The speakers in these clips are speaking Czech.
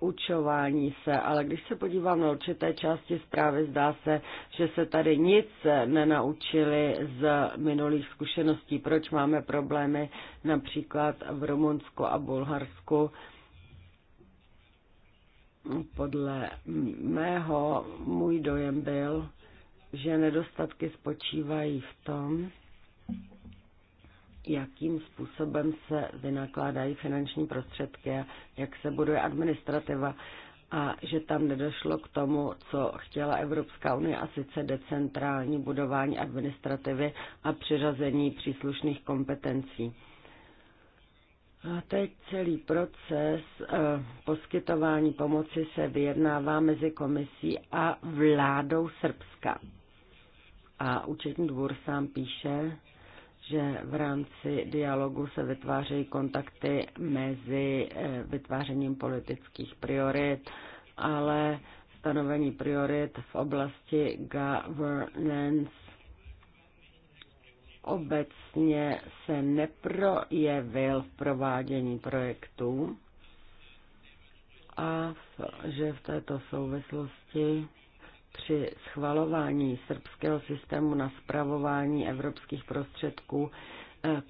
poučování se, ale když se podívám na určité části zprávy, zdá se, že se tady nic nenaučili z minulých zkušeností, proč máme problémy například v Rumunsku a Bulharsku. Podle mého můj dojem byl, že nedostatky spočívají v tom, jakým způsobem se vynakládají finanční prostředky, jak se buduje administrativa a že tam nedošlo k tomu, co chtěla Evropská unie, a sice decentrální budování administrativy a přiřazení příslušných kompetencí. A teď celý proces eh, poskytování pomoci se vyjednává mezi komisí a vládou Srbska. A účetní dvůr sám píše, že v rámci dialogu se vytvářejí kontakty mezi eh, vytvářením politických priorit, ale stanovení priorit v oblasti governance obecně se neprojevil v provádění projektů a že v této souvislosti při schvalování srbského systému na spravování evropských prostředků eh,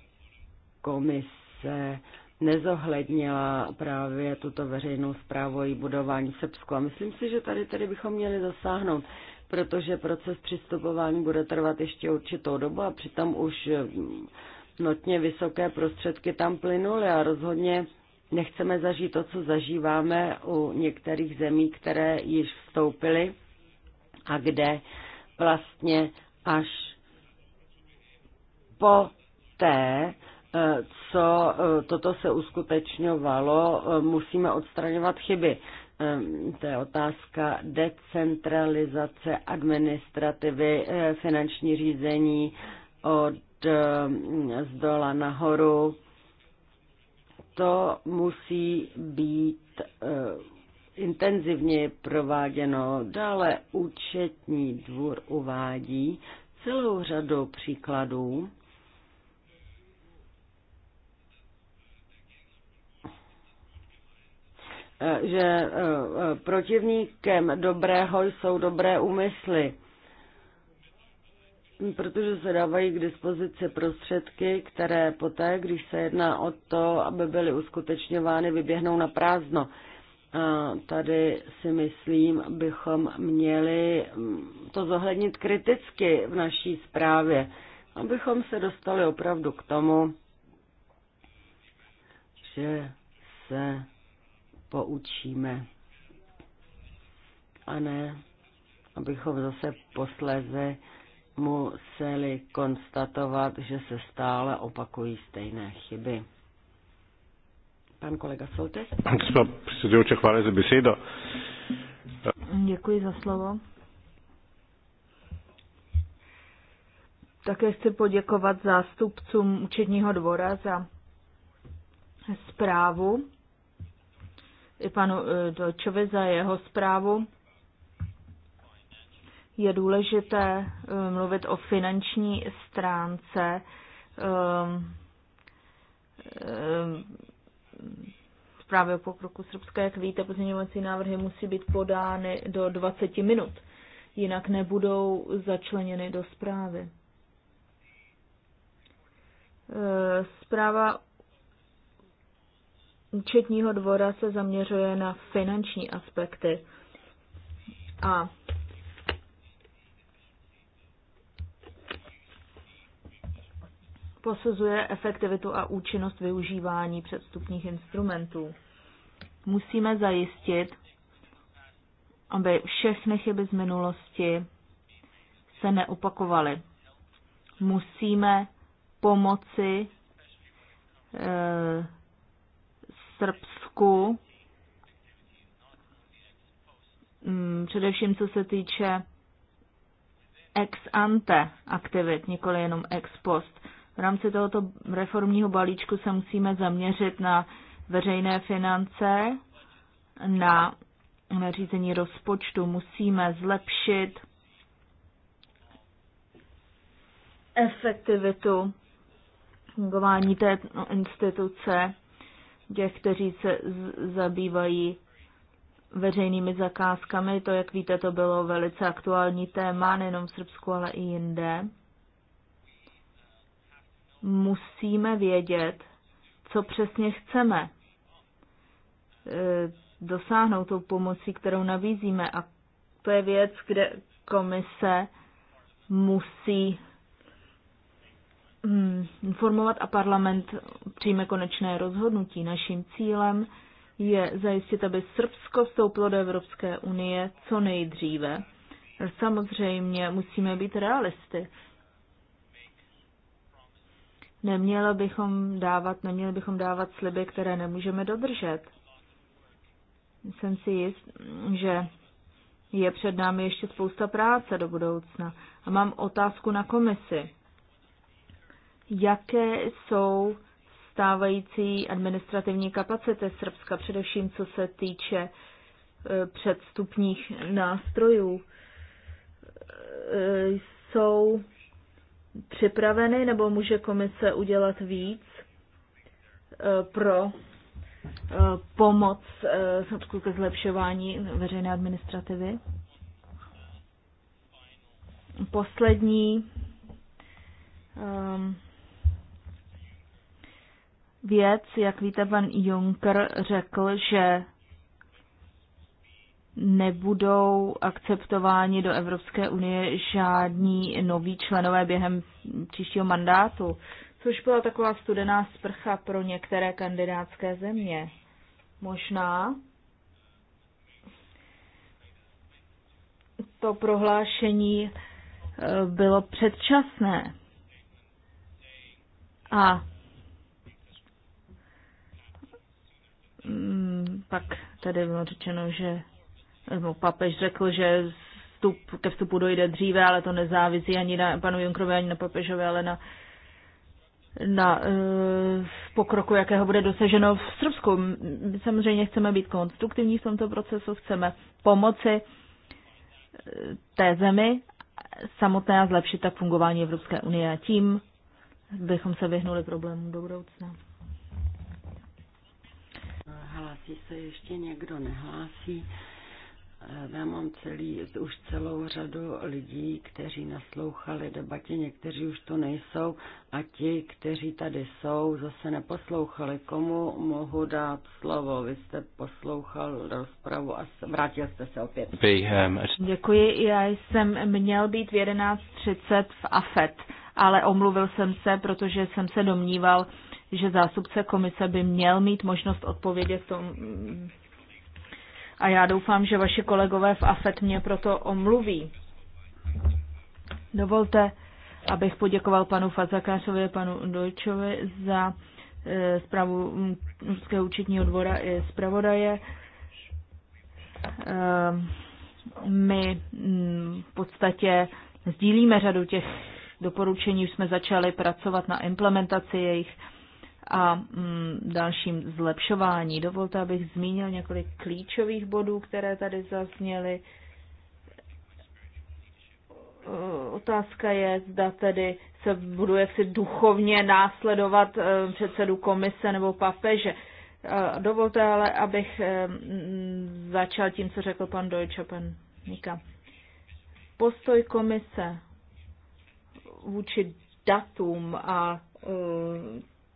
komise nezohlednila právě tuto veřejnou zprávu i budování v Srbsku. A myslím si, že tady tady bychom měli zasáhnout, protože proces přistupování bude trvat ještě určitou dobu a přitom už eh, notně vysoké prostředky tam plynuly a rozhodně nechceme zažít to, co zažíváme u některých zemí, které již vstoupily a kde vlastně až po té, eh, co eh, toto se uskutečňovalo, eh, musíme odstraňovat chyby. Ehm, to je otázka decentralizace administrativy, finanční řízení od z dola nahoru. To musí být intenzivně prováděno. Dále účetní dvůr uvádí celou řadu příkladů, že eh, eh, protivníkem dobrého jsou dobré úmysly, protože se dávají k dispozici prostředky, které poté, když se jedná o to, aby byly uskutečňovány, vyběhnou na prázdno. A tady si myslím, bychom měli mm, to zohlednit kriticky v naší zprávě, abychom se dostali opravdu k tomu, že se poučíme a ne, abychom zase posléze museli konstatovat, že se stále opakují stejné chyby. Pan kolega Soltes. Gospod predsedujoča, hvala za besedo. Děkuji za slovo. Také chci poděkovat zástupcům účetního dvora za zprávu, i panu eh, Dojčovi za jeho zprávu. Je důležité eh, mluvit o finanční stránce eh, zprávy o pokroku Srbska, jak víte, pozměňovací návrhy musí být podány do 20 minut, jinak nebudou začleněny do zprávy. E, zpráva účetního dvora se zaměřuje na finanční aspekty a posuzuje efektivitu a účinnost využívání předstupních instrumentů. Musíme zajistit, aby všechny chyby z minulosti se neopakovaly. Musíme pomoci e, Srbsku, m, mm, především co se týče ex ante aktivit, nikoli jenom ex post v rámci tohoto reformního balíčku se musíme zaměřit na veřejné finance, na nařízení rozpočtu. Musíme zlepšit efektivitu fungování té instituce, těch, kteří se zabývají veřejnými zakázkami. To, jak víte, to bylo velice aktuální téma nejenom v Srbsku, ale i jinde musíme vědět, co přesně chceme eh, dosáhnout tou pomocí, kterou nabízíme. A to je věc, kde komise musí hm, informovat a parlament přijme konečné rozhodnutí. Naším cílem je zajistit, aby Srbsko vstoupilo do Evropské unie co nejdříve. Samozřejmě musíme být realisty. Nemělo bychom dávat, neměli bychom dávat sliby, které nemůžeme dodržet. Jsem si jist, že je před námi ještě spousta práce do budoucna. A mám otázku na komisi. Jaké jsou stávající administrativní kapacity Srbska, především co se týče e, předstupních nástrojů? E, jsou připraveny, nebo může komise udělat víc eh, pro eh, pomoc eh, ke zlepšování veřejné administrativy? Poslední ehm, věc, jak víte, pan Juncker řekl, že nebudou akceptováni do Evropské unie žádní noví členové během příštího mandátu, což byla taková studená sprcha pro některé kandidátské země. Možná to prohlášení eh, bylo předčasné. A mm, pak tady bylo řečeno, že Papež řekl, že vstup, ke vstupu dojde dříve, ale to nezávisí ani na panu Junkrovi, ani na papežovi, ale na, na uh, pokroku, jakého bude dosaženo v Srbsku. My samozřejmě chceme být konstruktivní v tomto procesu, chceme pomoci eh, té zemi samotné a zlepšit tak fungování Evropské unie a tím bychom se vyhnuli problémům do budoucna. Hlásí se ještě někdo, nehlásí. Já mám celý, už celou řadu lidí, kteří naslouchali debatě, někteří už tu nejsou a ti, kteří tady jsou, zase neposlouchali. Komu mohu dát slovo? Vy jste poslouchal rozpravu a vrátil jste se opět. Děkuji, já jsem měl být v 11.30 v AFET, ale omluvil jsem se, protože jsem se domníval, že zástupce komise by měl mít možnost odpovědět tomu a já doufám, že vaši kolegové v AFET mě proto omluví. Dovolte, abych poděkoval panu Fazakásovi a panu Dojčovi za e, zprávu Ruského účetního dvora i zpravodaje. E, my m, v podstatě sdílíme řadu těch doporučení, už jsme začali pracovat na implementaci jejich a mm, dalším zlepšování. Dovolte, abych zmínil několik klíčových bodů, které tady zazněly. E, otázka je, zda tedy se budu jaksi duchovně následovat e, předsedu komise nebo papeže. E, dovolte ale, abych začal tím, co řekl pan Deutsche, pan Nika. Postoj komise vůči datům a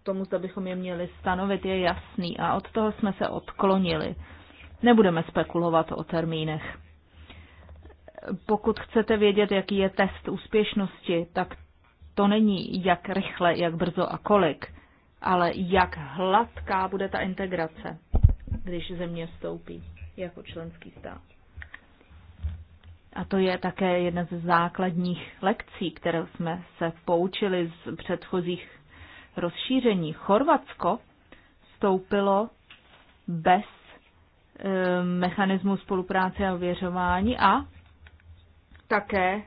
tomu, zda bychom je měli stanovit, je jasný a od toho jsme se odklonili. Nebudeme spekulovat o termínech. Pokud chcete vědět, jaký je test úspěšnosti, tak to není jak rychle, jak brzo a kolik, ale jak hladká bude ta integrace, když země vstoupí jako členský stát. A to je také jedna ze základních lekcí, které jsme se poučili z předchozích rozšíření. Chorvatsko vstoupilo bez e, mechanismu spolupráce a ověřování a také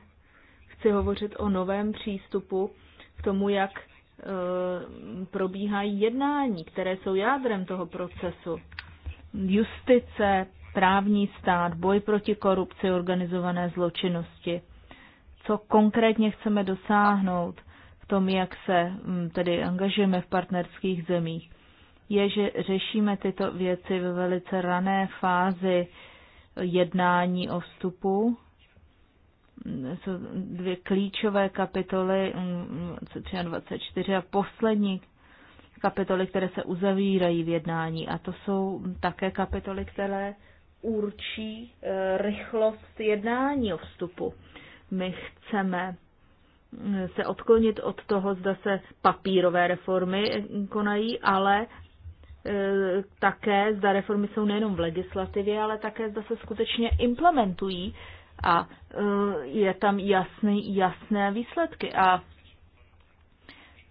chci hovořit o novém přístupu k tomu, jak e, probíhají jednání, které jsou jádrem toho procesu. Justice, právní stát, boj proti korupci, organizované zločinnosti. Co konkrétně chceme dosáhnout? tom, jak se mm, tedy angažujeme v partnerských zemích, je, že řešíme tyto věci ve velice rané fázi jednání o vstupu. Jsou dvě klíčové kapitoly 23 mm, 24 mm, a poslední kapitoly, které se uzavírají v jednání. A to jsou také kapitoly, které určí eh, rychlost jednání o vstupu. My chceme se odklonit od toho, zda se papírové reformy konají, ale e, také zda reformy jsou nejenom v legislativě, ale také zda se skutečně implementují a e, je tam jasný, jasné výsledky. A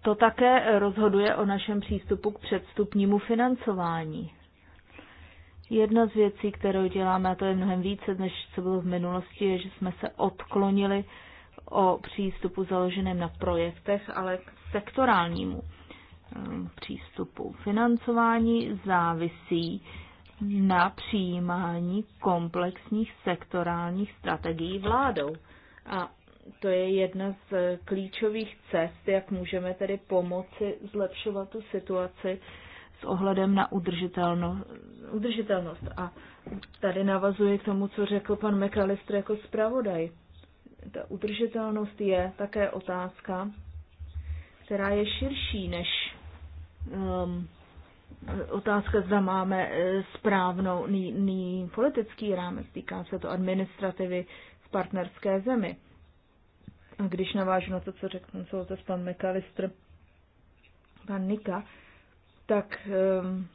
to také rozhoduje o našem přístupu k předstupnímu financování. Jedna z věcí, kterou děláme, a to je mnohem více, než co bylo v minulosti, je, že jsme se odklonili o přístupu založeném na projektech, ale k sektorálnímu eh, přístupu. Financování závisí na přijímání komplexních sektorálních strategií vládou. A to je jedna z klíčových cest, jak můžeme tedy pomoci zlepšovat tu situaci s ohledem na udržitelnost. A tady navazuje k tomu, co řekl pan McAllister jako zpravodaj ta udržitelnost je také otázka, která je širší než um, otázka, zda máme eh, správnou ní, ní politický rámec. Týká se to administrativy v partnerské zemi. A když navážu na to, co řekl pan Soltes, pan McAllister, pan Nika, tak um,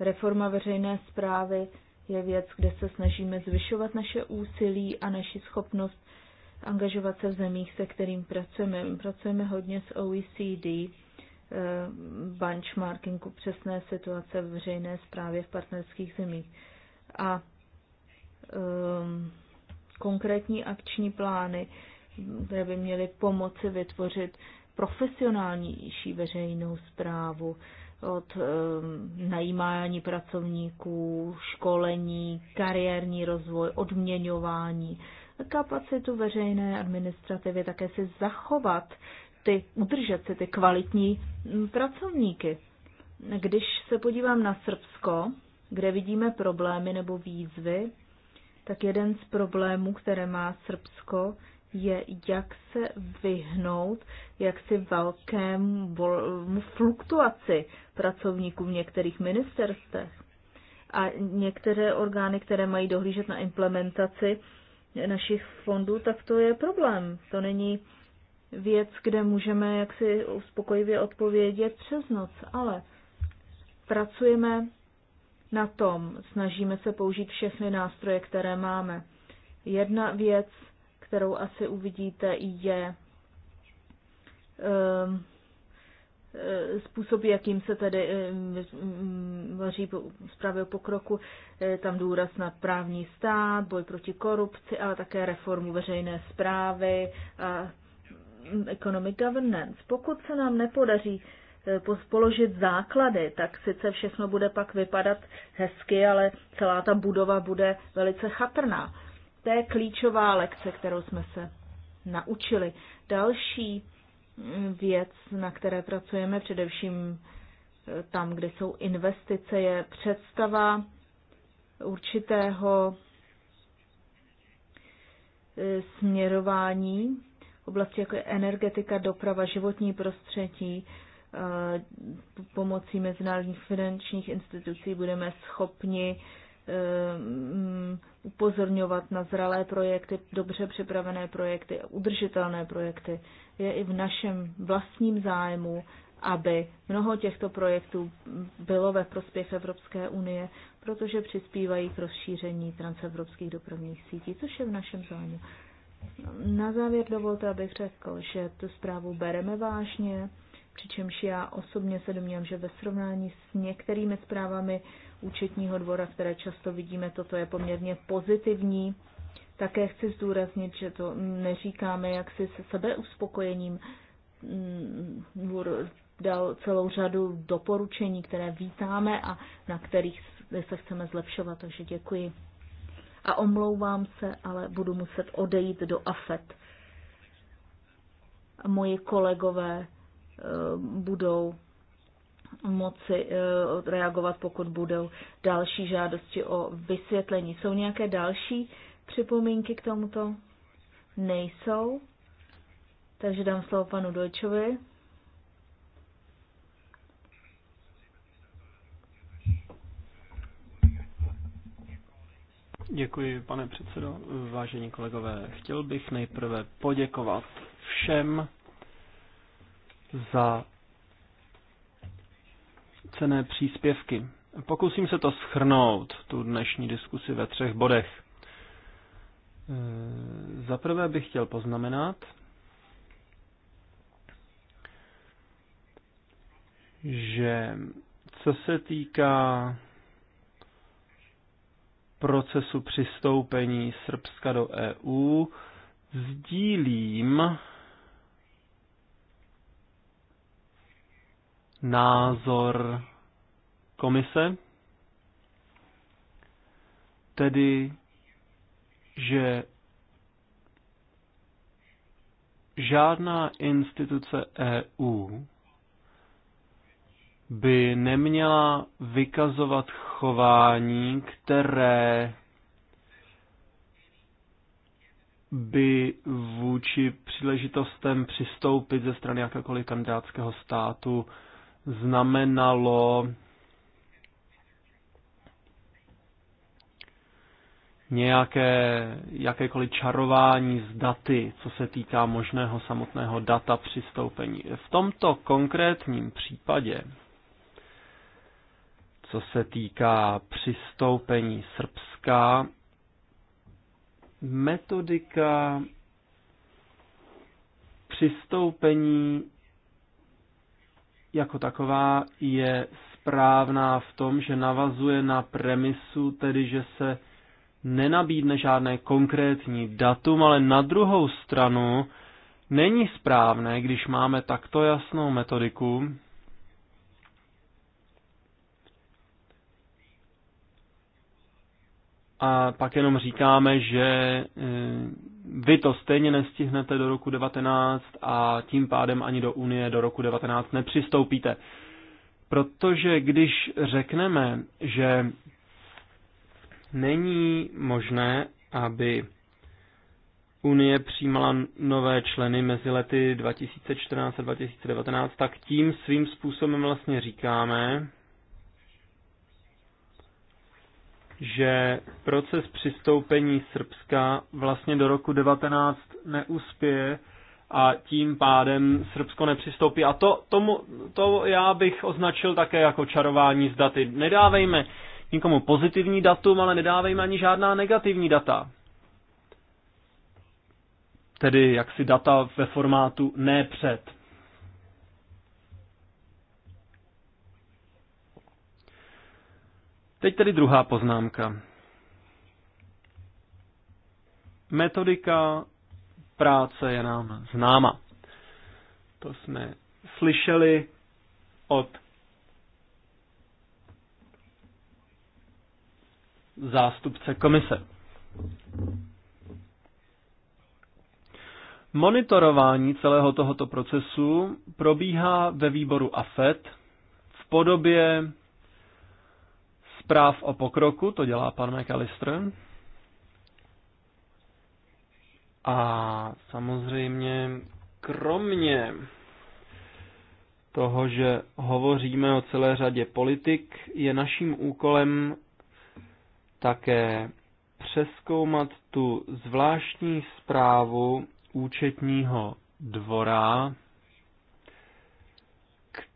reforma veřejné zprávy je věc, kde se snažíme zvyšovat naše úsilí a naši schopnost angažovat se v zemích, se kterým pracujeme. My pracujeme hodně s OECD, eh, benchmarkingu přesné situace v veřejné správě v partnerských zemích. A um, konkrétní akční plány, které by měly pomoci vytvořit profesionálnější veřejnou zprávu od um, najímání pracovníků, školení, kariérní rozvoj, odměňování, kapacitu veřejné administrativy také si zachovat ty, udržet si ty kvalitní mm, pracovníky. Když se podívám na Srbsko, kde vidíme problémy nebo výzvy, tak jeden z problémů, které má Srbsko, je, jak se vyhnout jaksi velkému fluktuaci pracovníků v některých ministerstvech. A některé orgány, které mají dohlížet na implementaci, našich fondů, tak to je problém. To není věc, kde můžeme jaksi uspokojivě odpovědět přes noc, ale pracujeme na tom, snažíme se použít všechny nástroje, které máme. Jedna věc, kterou asi uvidíte, je um, Eh, způsoby, jakým se tedy eh, mm, vaří zprávy o pokroku, eh, tam důraz na právní stát, boj proti korupci, ale také reformu veřejné zprávy a mm, economic governance. Pokud se nám nepodaří položit základy, tak sice všechno bude pak vypadat hezky, ale celá ta budova bude velice chatrná. To je klíčová lekce, kterou jsme se naučili. Další věc, na které pracujeme, především eh, tam, kde jsou investice, je představa určitého eh, směrování v oblasti jako je energetika, doprava, životní prostředí, eh, pomocí mezinárodních finančních institucí budeme schopni Eh, upozorňovat na zralé projekty, dobře připravené projekty, udržitelné projekty. Je i v našem vlastním zájmu, aby mnoho těchto projektů bylo ve prospěch Evropské unie, protože přispívají k rozšíření transevropských dopravních sítí, což je v našem zájmu. Na závěr dovolte, abych řekl, že tu zprávu bereme vážně, Přičemž já osobně se domnívám, že ve srovnání s některými zprávami účetního dvora, které často vidíme, toto je poměrně pozitivní. Také chci zdůraznit, že to neříkáme jaksi se sebeuspokojením. Mm, dvor dal celou řadu doporučení, které vítáme a na kterých se chceme zlepšovat, takže děkuji. A omlouvám se, ale budu muset odejít do AFET. Moji kolegové Eh, budou moci eh, reagovat, pokud budou další žádosti o vysvětlení. Jsou nějaké další připomínky k tomuto? Nejsou. Takže dám slovo panu Dojčovi. Děkuji, pane předsedo. Vážení kolegové, chtěl bych nejprve poděkovat všem za cené příspěvky. Pokusím se to schrnout, tu dnešní diskusi ve třech bodech. E, za prvé bych chtěl poznamenat, že co se týká procesu přistoupení Srbska do EU, sdílím názor komise, tedy že žádná instituce EU by neměla vykazovat chování, které by vůči příležitostem přistoupit ze strany jakékoliv kandidátského státu znamenalo nějaké, jakékoliv čarování z daty, co se týká možného samotného data přistoupení. V tomto konkrétním případě, co se týká přistoupení Srbska, metodika přistoupení jako taková je správná v tom, že navazuje na premisu, tedy že se nenabídne žádné konkrétní datum, ale na druhou stranu není správné, když máme takto jasnou metodiku, a pak jenom říkáme, že eh, vy to stejně nestihnete do roku 19 a tím pádem ani do Unie do roku 19 nepřistoupíte. Protože když řekneme, že není možné, aby Unie přijímala nové členy mezi lety 2014 a 2019, tak tím svým způsobem vlastně říkáme, že proces přistoupení Srbska vlastně do roku 19 neuspěje a tím pádem Srbsko nepřistoupí. A to, tomu, to já bych označil také jako čarování z daty. Nedávejme nikomu pozitivní datum, ale nedávejme ani žádná negativní data. Tedy jaksi data ve formátu ne před. Teď tedy druhá poznámka. Metodika práce je nám známa. To jsme slyšeli od zástupce komise. Monitorování celého tohoto procesu probíhá ve výboru AFET v podobě zpráv o pokroku, to dělá pan McAllister. A samozřejmě kromě toho, že hovoříme o celé řadě politik, je naším úkolem také přeskoumat tu zvláštní zprávu účetního dvora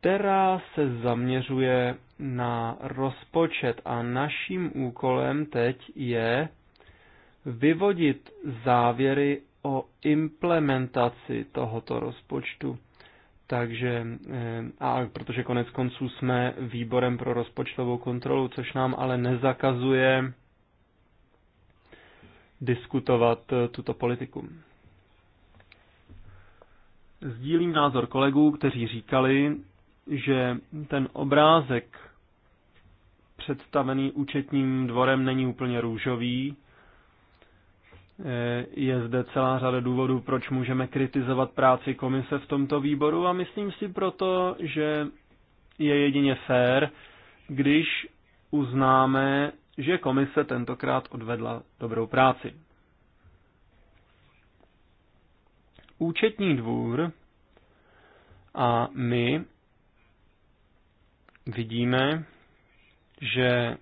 která se zaměřuje na rozpočet a naším úkolem teď je vyvodit závěry o implementaci tohoto rozpočtu. Takže, eh, a protože konec konců jsme výborem pro rozpočtovou kontrolu, což nám ale nezakazuje diskutovat eh, tuto politiku. Sdílím názor kolegů, kteří říkali, že ten obrázek představený účetním dvorem není úplně růžový. Eh, je zde celá řada důvodů, proč můžeme kritizovat práci komise v tomto výboru a myslím si proto, že je jedině fér, když uznáme, že komise tentokrát odvedla dobrou práci. Účetní dvůr a my vidíme, že,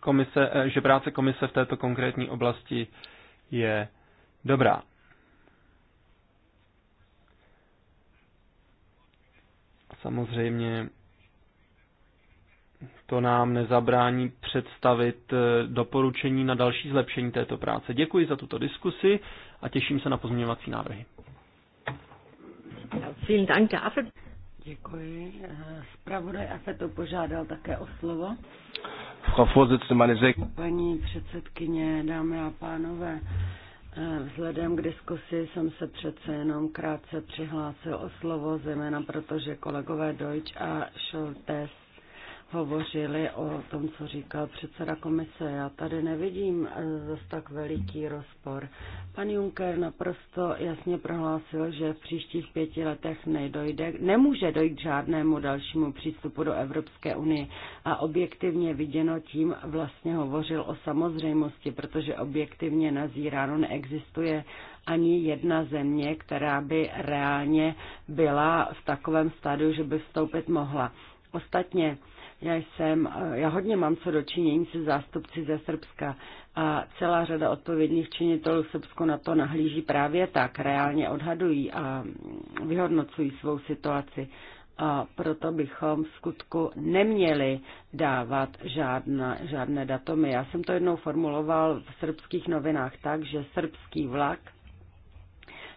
komise, eh, že práce komise v této konkrétní oblasti je dobrá. Samozřejmě to nám nezabrání představit eh, doporučení na další zlepšení této práce. Děkuji za tuto diskusi a těším se na pozměňovací návrhy. Děkuji. Zpravodaj to požádal také o slovo. Paní předsedkyně, dámy a pánové, Vzhledem k diskusi jsem se přece jenom krátce přihlásil o slovo, zejména protože kolegové Deutsch a Scholtes hovořili o tom, co říkal předseda komise. Já tady nevidím eh, zase tak veliký rozpor. Pan Juncker naprosto jasně prohlásil, že v příštích pěti letech nedojde, nemůže dojít k žádnému dalšímu přístupu do Evropské unie. A objektivně viděno tím vlastně hovořil o samozřejmosti, protože objektivně nazíráno neexistuje ani jedna země, která by reálně byla v takovém stádiu, že by vstoupit mohla. Ostatně já jsem, já hodně mám co dočinění se zástupci ze Srbska a celá řada odpovědných činitelů v Srbsku na to nahlíží právě tak, reálně odhadují a vyhodnocují svou situaci. A proto bychom v skutku neměli dávat žádná, žádné datomy. Já jsem to jednou formuloval v srbských novinách tak, že srbský vlak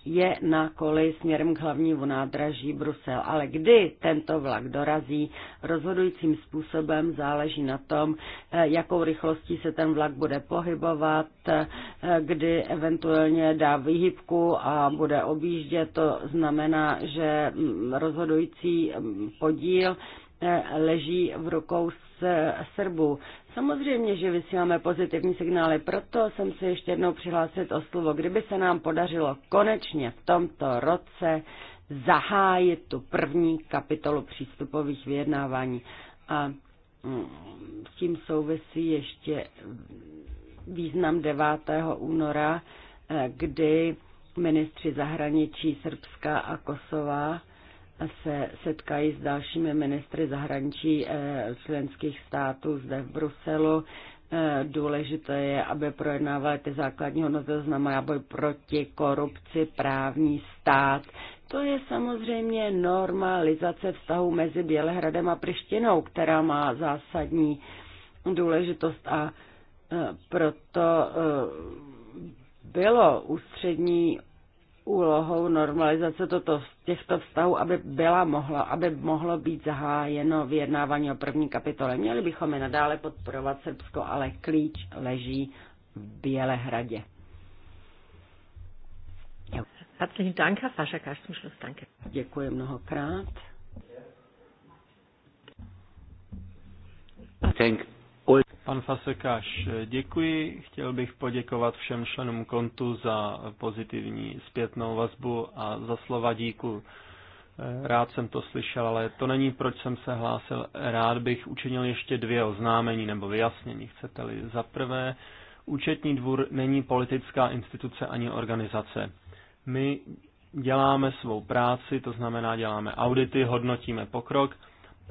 je na koleji směrem k hlavnímu nádraží Brusel. Ale kdy tento vlak dorazí, rozhodujícím způsobem záleží na tom, eh, jakou rychlostí se ten vlak bude pohybovat, eh, kdy eventuálně dá výhybku a bude objíždět. To znamená, že mm, rozhodující mm, podíl eh, leží v rukou Srbu. Samozřejmě, že vysíláme pozitivní signály, proto jsem se ještě jednou přihlásit o slovo. Kdyby se nám podařilo konečně v tomto roce zahájit tu první kapitolu přístupových vyjednávání. A mm, s tím souvisí ještě význam 9. února, eh, kdy ministři zahraničí Srbska a Kosova se setkají s dalšími ministry zahraničí eh, členských států zde v Bruselu. Eh, důležité je, aby projednávali ty základní hodnoty, to znamená boj proti korupci, právní stát. To je samozřejmě normalizace vztahu mezi Bělehradem a Prištinou, která má zásadní důležitost a eh, proto bylo ústřední úlohou normalizace toto, těchto vztahů, aby, byla mohlo, aby mohlo být zahájeno vyjednávání o první kapitole. Měli bychom je nadále podporovat Srbsko, ale klíč leží v Bělehradě. Herzlichen Dank, Herr Faschak, zum Schluss. Danke. Děkuji mnohokrát. Thank Pan Fasekáš, děkuji. Chtěl bych poděkovat všem členům kontu za pozitivní zpětnou vazbu a za slova díku. Rád jsem to slyšel, ale to není, proč jsem se hlásil. Rád bych učinil ještě dvě oznámení nebo vyjasnění, chcete-li. Za prvé, účetní dvůr není politická instituce ani organizace. My děláme svou práci, to znamená děláme audity, hodnotíme pokrok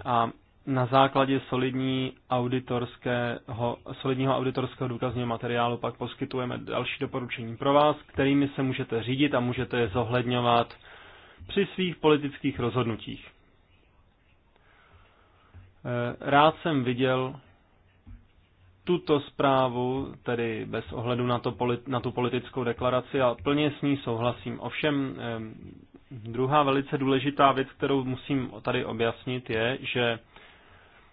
a na základě solidní auditorského, solidního auditorského důkazního materiálu pak poskytujeme další doporučení pro vás, kterými se můžete řídit a můžete je zohledňovat při svých politických rozhodnutích. Eh, rád jsem viděl tuto zprávu, tedy bez ohledu na, to, na tu politickou deklaraci a plně s ní souhlasím. Ovšem, eh, druhá velice důležitá věc, kterou musím tady objasnit, je, že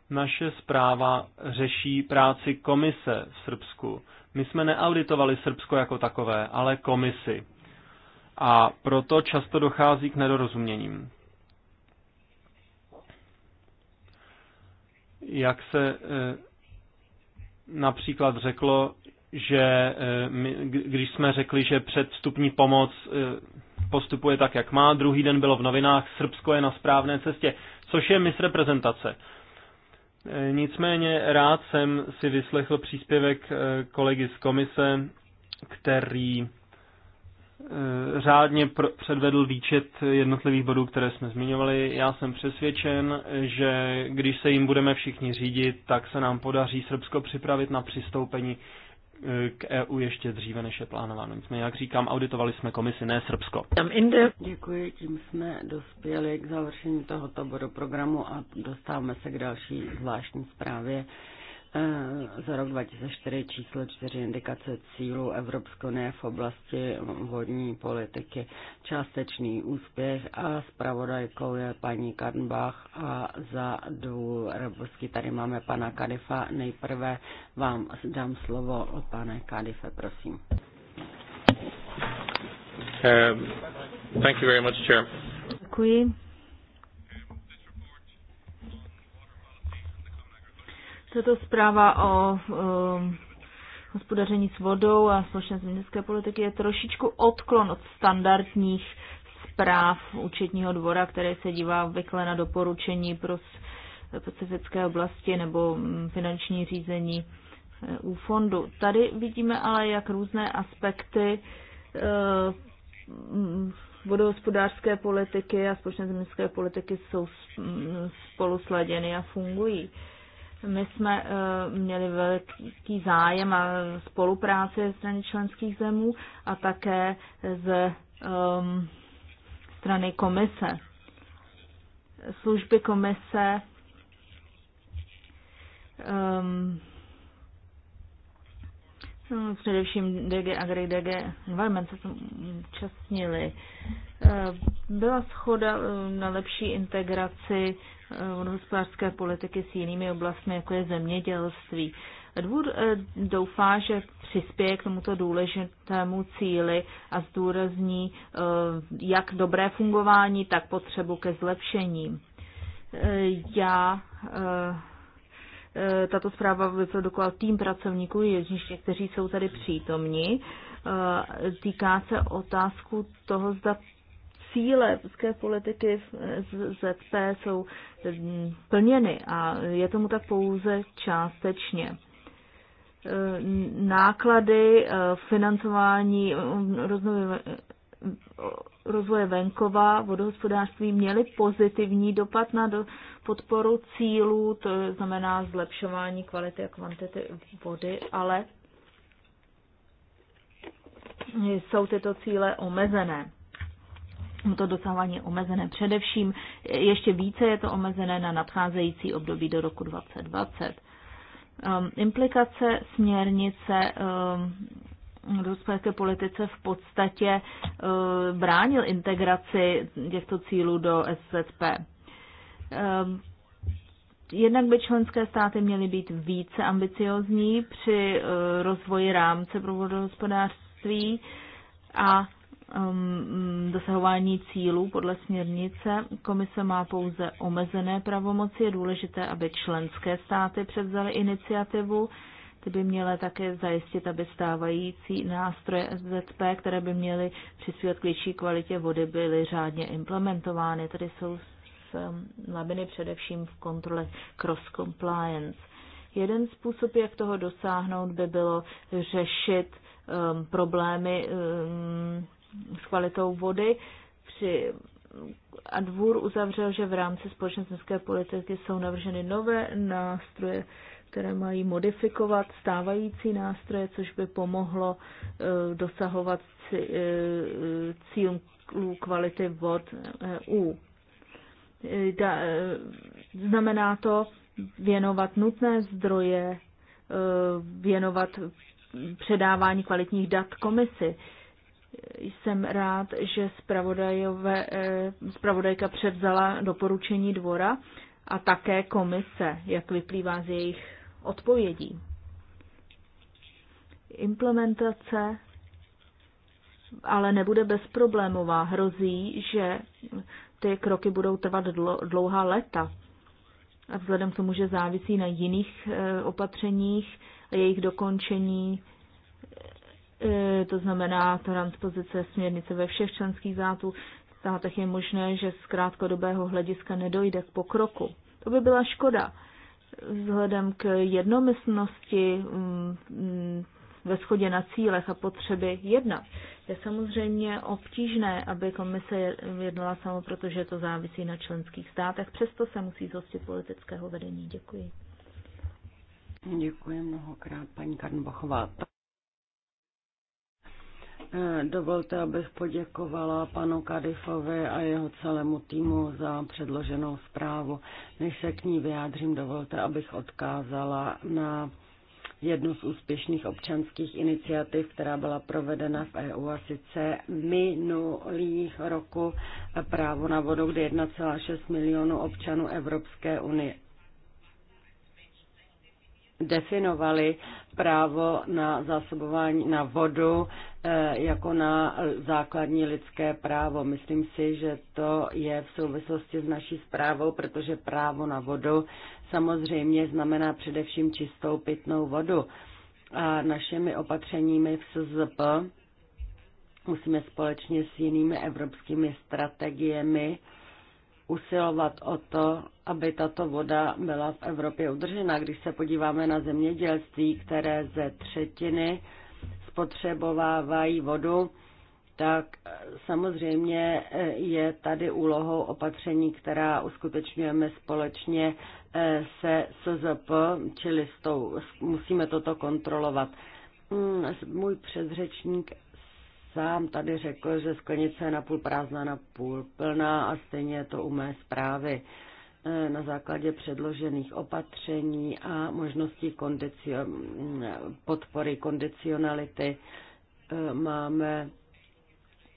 naše zpráva řeší práci komise v Srbsku. My jsme neauditovali Srbsko jako takové, ale komisi. A proto často dochází k nedorozuměním. Jak se eh, například řeklo, že eh, my, když jsme řekli, že předvstupní pomoc eh, postupuje tak, jak má, druhý den bylo v novinách, Srbsko je na správné cestě, což je misreprezentace. Nicméně rád jsem si vyslechl příspěvek eh, kolegy z komise, který eh, řádně předvedl výčet jednotlivých bodů, které jsme zmiňovali. Já jsem přesvědčen, že když se jim budeme všichni řídit, tak se nám podaří Srbsko připravit na přistoupení Eh, k EU ještě dříve, než je plánováno. Nicméně, jak říkám, auditovali jsme komisi, ne Srbsko. Děkuji, tím jsme dospěli k završení tohoto bodu programu a dostáváme se k další zvláštní zprávě Eh, za rok 2004 číslo 4 indikace cílů Evropské unie v oblasti vodní politiky. Částečný úspěch a zpravodajkou je paní Karnbach a za dvůr tady máme pana Kadifa. Nejprve vám dám slovo, pane Kadife, prosím. Um, thank you very much, Chair. Děkuji. Je to zpráva o um, hospodaření s vodou a společné zemědělské politiky je trošičku odklon od standardních zpráv účetního dvora, které se dívá obvykle na doporučení pro pacifické oblasti nebo mm, finanční řízení eh, u fondu. Tady vidíme ale, jak různé aspekty eh, mm, vodohospodářské politiky a společné zemědělské politiky jsou mm, spolu sladěny a fungují. My jsme eh, měli velký zájem a spolupráci ze strany členských zemů a také ze ehm, strany komise. Služby komise um, No, především DG Agri, DG Environment se tam účastnili. Eh, byla schoda eh, na lepší integraci eh, hospodářské politiky s jinými oblastmi, jako je zemědělství. Dvůr doufá, že přispěje k tomuto důležitému cíli a zdůrazní jak dobré fungování, tak potřebu ke zlepšení. Já Eh, tato zpráva vyprodukoval tým pracovníků, jež kteří jsou tady přítomní. Eh, týká se otázku toho, zda cíle evropské politiky ZP jsou mm, plněny a je tomu tak pouze částečně. Eh, náklady financování mm, rozvoje venkova, vodohospodářství měly pozitivní dopad na do, podporu cílů, to znamená zlepšování kvality a kvantity vody, ale jsou tyto cíle omezené. To dosahování je omezené především, ještě více je to omezené na nadcházející období do roku 2020. Um, implikace směrnice um, hospodářské politice v podstatě e, bránil integraci těchto cílů do SZP. E, jednak by členské státy měly být více ambiciozní při e, rozvoji rámce pro vodohospodářství a um, dosahování cílů podle směrnice. Komise má pouze omezené pravomoci. Je důležité, aby členské státy převzaly iniciativu ty by měly také zajistit, aby stávající nástroje SZP, které by měly přispět k větší kvalitě vody, byly řádně implementovány. Tady jsou slabiny um, především v kontrole cross-compliance. Jeden způsob, jak toho dosáhnout, by bylo řešit um, problémy um, s kvalitou vody. Při, a dvůr uzavřel, že v rámci společenské politiky jsou navrženy nové nástroje které mají modifikovat stávající nástroje, což by pomohlo e, dosahovat e, cílů kvality vod EU. E, znamená to věnovat nutné zdroje, věnovat předávání kvalitních dat komisi. Jsem rád, že zpravodajka převzala doporučení dvora a také komise, jak vyplývá z jejich odpovědí. Implementace ale nebude bezproblémová. Hrozí, že ty kroky budou trvat dlouhá léta. A vzhledem k tomu, že závisí na jiných eh, opatřeních a jejich dokončení, eh, to znamená transpozice směrnice ve všech členských zátů, státech je možné, že z krátkodobého hlediska nedojde k pokroku. To by byla škoda, vzhledem k jednomyslnosti mm, ve shodě na cílech a potřeby jednat. Je samozřejmě obtížné, aby komise jednala samo, protože to závisí na členských státech. Přesto se musí zhostit politického vedení. Děkuji. Děkuji mnohokrát, paní Karnbachová. Eh, dovolte, abych poděkovala panu Kadifovi a jeho celému týmu za předloženou zprávu. Než se k ní vyjádřím, dovolte, abych odkázala na jednu z úspěšných občanských iniciativ, která byla provedena v EU a sice minulých roku právo na vodu, kde 1,6 milionů občanů Evropské unie definovali právo na zásobování na vodu E, jako na základní lidské právo. Myslím si, že to je v souvislosti s naší zprávou, protože právo na vodu samozřejmě znamená především čistou pitnou vodu. A našimi opatřeními v SZP musíme společně s jinými evropskými strategiemi usilovat o to, aby tato voda byla v Evropě udržena. Když se podíváme na zemědělství, které ze třetiny spotřebovávají vodu, tak samozřejmě je tady úlohou opatření, která uskutečňujeme společně eh, se SZP, čili s tou, musíme toto kontrolovat. Hmm, můj předřečník sám tady řekl, že sklenice je na půl prázdná, na půl plná a stejně je to u mé zprávy. E, na základě předložených opatření a možností kondicio, podpory kondicionality e, máme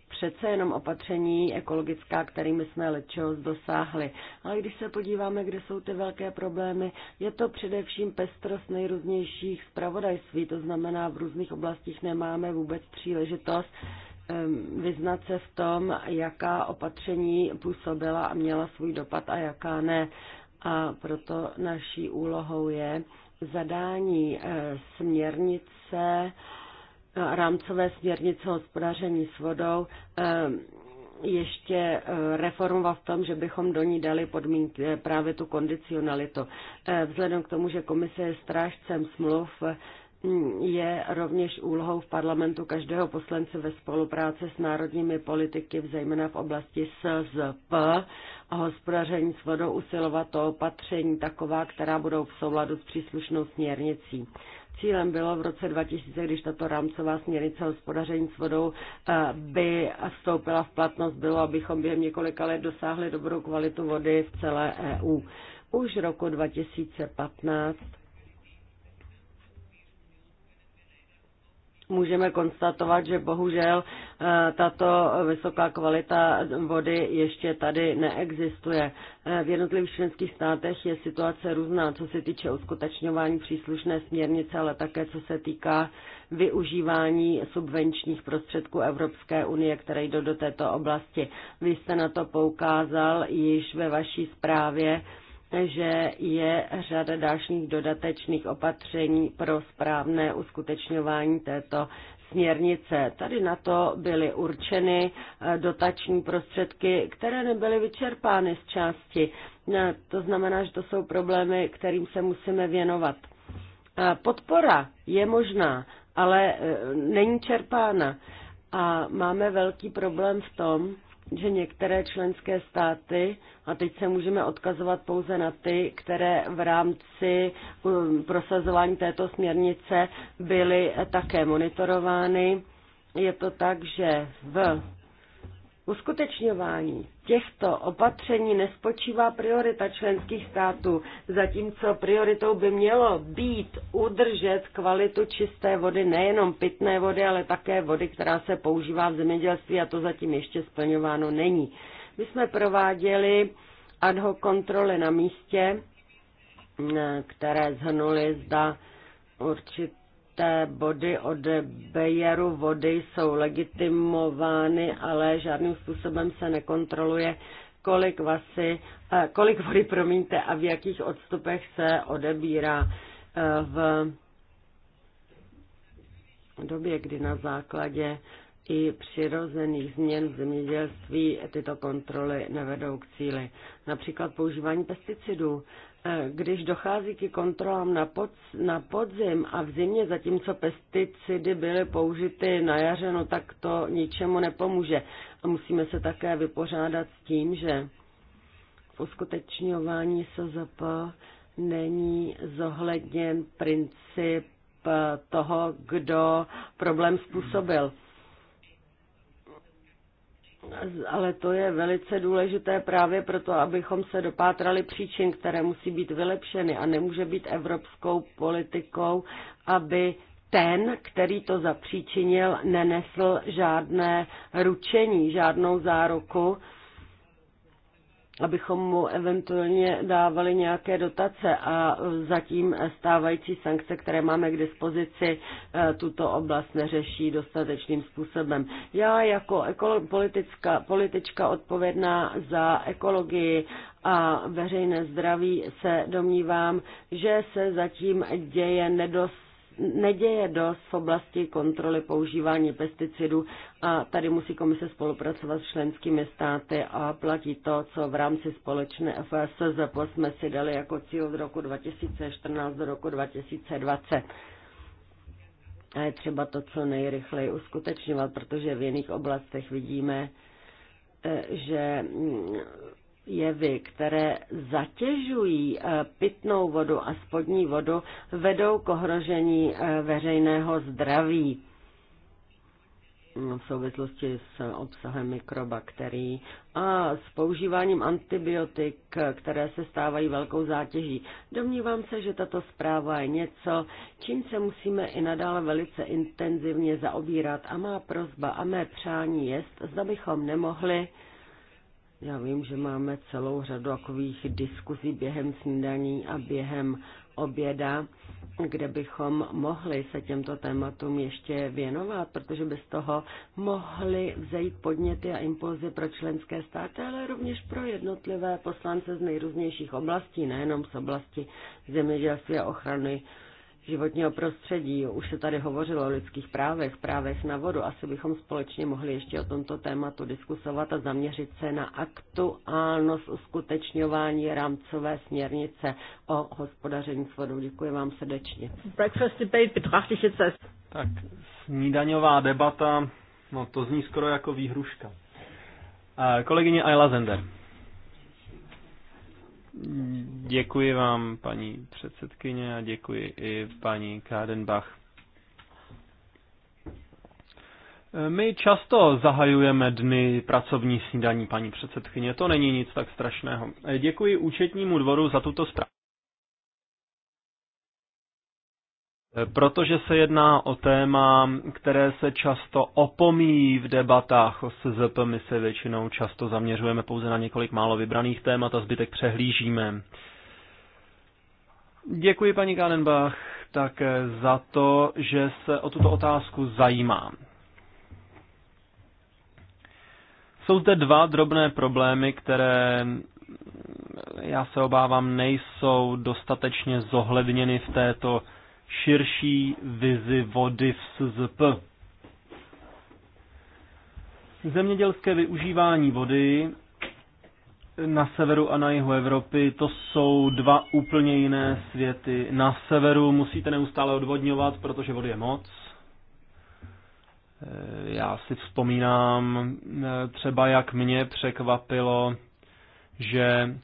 přece jenom opatření ekologická, kterými jsme lečeho dosáhli. Ale když se podíváme, kde jsou ty velké problémy, je to především pestrost nejrůznějších zpravodajství, to znamená v různých oblastích nemáme vůbec příležitost vyznat se v tom, jaká opatření působila a měla svůj dopad a jaká ne. A proto naší úlohou je zadání eh, směrnice, eh, rámcové směrnice hospodaření s vodou eh, ještě reformovat v tom, že bychom do ní dali podmínky, právě tu kondicionalitu. Vzhledem k tomu, že komise je strážcem smluv, je rovněž úlohou v parlamentu každého poslance ve spolupráci s národními politiky, zejména v oblasti SZP a hospodaření s vodou usilovat o opatření taková, která budou v souladu s příslušnou směrnicí. Cílem bylo v roce 2000, když tato rámcová směrnice hospodaření s vodou eh, by vstoupila v platnost, bylo, abychom během několika let dosáhli dobrou kvalitu vody v celé EU. Už roku 2015 můžeme konstatovat, že bohužel eh, tato vysoká kvalita vody ještě tady neexistuje. Eh, v jednotlivých členských státech je situace různá, co se týče uskutečňování příslušné směrnice, ale také co se týká využívání subvenčních prostředků Evropské unie, které jdou do této oblasti. Vy jste na to poukázal již ve vaší zprávě že je řada dalších dodatečných opatření pro správné uskutečňování této směrnice. Tady na to byly určeny eh, dotační prostředky, které nebyly vyčerpány z části. Eh, to znamená, že to jsou problémy, kterým se musíme věnovat. Eh, podpora je možná, ale není čerpána. A máme velký problém v tom, že některé členské státy, a teď se můžeme odkazovat pouze na ty, které v rámci um, prosazování této směrnice byly také monitorovány, je to tak, že v uskutečňování těchto opatření nespočívá priorita členských států, zatímco prioritou by mělo být udržet kvalitu čisté vody, nejenom pitné vody, ale také vody, která se používá v zemědělství a to zatím ještě splňováno není. My jsme prováděli ad hoc kontroly na místě, které zhrnuly, zda určit té body Bejeru vody jsou legitimovány, ale žádným způsobem se nekontroluje, kolik, vasy, eh, kolik vody promíte a v jakých odstupech se odebírá eh, v době, kdy na základě i přirozených změn v zemědělství tyto kontroly nevedou k cíli. Například používání pesticidů. Eh, když dochází k kontrolám na, pod, na podzim a v zimě, zatímco pesticidy byly použity na jaře, no tak to ničemu nepomůže. A musíme se také vypořádat s tím, že v uskutečňování SZP není zohledněn princip toho, kdo problém způsobil. Hmm ale to je velice důležité právě proto, abychom se dopátrali příčin, které musí být vylepšeny a nemůže být evropskou politikou, aby ten, který to zapříčinil, nenesl žádné ručení, žádnou záruku abychom mu eventuálně dávali nějaké dotace a zatím stávající sankce, které máme k dispozici, eh, tuto oblast neřeší dostatečným způsobem. Já jako politická, politička odpovědná za ekologii a veřejné zdraví se domnívám, že se zatím děje nedost neděje dost v oblasti kontroly používání pesticidů a tady musí komise spolupracovat s členskými státy a platí to, co v rámci společné FSZP jsme si dali jako cíl z roku 2014 do roku 2020 a je třeba to co nejrychleji uskutečňovat, protože v jiných oblastech vidíme, eh, že mm, jevy, které zatěžují eh, pitnou vodu a spodní vodu, vedou k ohrožení eh, veřejného zdraví v souvislosti s obsahem mikrobakterií a s používáním antibiotik, které se stávají velkou zátěží. Domnívám se, že tato zpráva je něco, čím se musíme i nadále velice intenzivně zaobírat a má prozba a mé přání jest, zda bychom nemohli já vím, že máme celou řadu takových diskuzí během snídaní a během oběda, kde bychom mohli se těmto tématům ještě věnovat, protože by z toho mohly vzejít podněty a impulzy pro členské státy, ale rovněž pro jednotlivé poslance z nejrůznějších oblastí, nejenom z oblasti zemědělství a ochrany životního prostředí. Už se tady hovořilo o lidských právech, právech na vodu. Asi bychom společně mohli ještě o tomto tématu diskusovat a zaměřit se na aktuálnost uskutečňování rámcové směrnice o hospodaření s vodou. Děkuji vám srdečně. Breakfast debate Tak, snídaňová debata, no to zní skoro jako výhruška. Eh, kolegyně Ayla Zender. Děkuji vám, paní předsedkyně, a děkuji i paní Kádenbach. My často zahajujeme dny pracovní snídaní, paní předsedkyně. To není nic tak strašného. Děkuji účetnímu dvoru za tuto zprávu. Eh, protože se jedná o téma, které se často opomíjí v debatách o SZP, my se většinou často zaměřujeme pouze na několik málo vybraných témat a zbytek přehlížíme. Děkuji paní Kanenbach Tak za to, že se o tuto otázku zajímá. Jsou zde dva drobné problémy, které já se obávám nejsou dostatečně zohledněny v této širší vizi vody v SZP. Zemědělské využívání vody na severu a na jihu Evropy, to jsou dva úplně jiné světy. Na severu musíte neustále odvodňovat, protože vody je moc. Eh, já si vzpomínám eh, třeba, jak mě překvapilo, že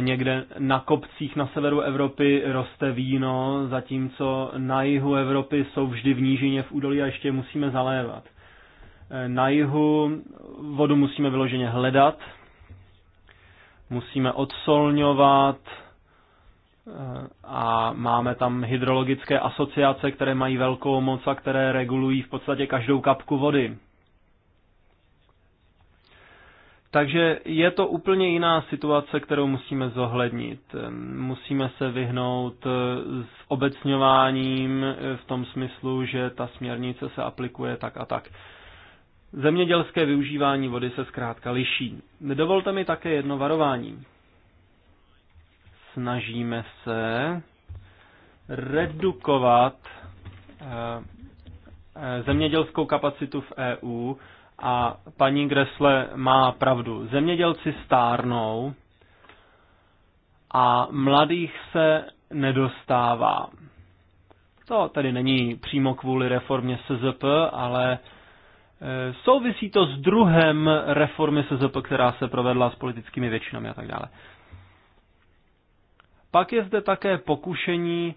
někde na kopcích na severu Evropy roste víno, zatímco na jihu Evropy jsou vždy v nížině v údolí a ještě musíme zalévat. Na jihu vodu musíme vyloženě hledat, musíme odsolňovat a máme tam hydrologické asociace, které mají velkou moc a které regulují v podstatě každou kapku vody. Takže je to úplně jiná situace, kterou musíme zohlednit. Musíme se vyhnout eh, s obecňováním eh, v tom smyslu, že ta směrnice se aplikuje tak a tak. Zemědělské využívání vody se zkrátka liší. Dovolte mi také jedno varování. Snažíme se redukovat eh, zemědělskou kapacitu v EU a paní Gresle má pravdu. Zemědělci stárnou a mladých se nedostává. To tedy není přímo kvůli reformě SZP, ale e, souvisí to s druhem reformy SZP, která se provedla s politickými většinami a tak dále. Pak je zde také pokušení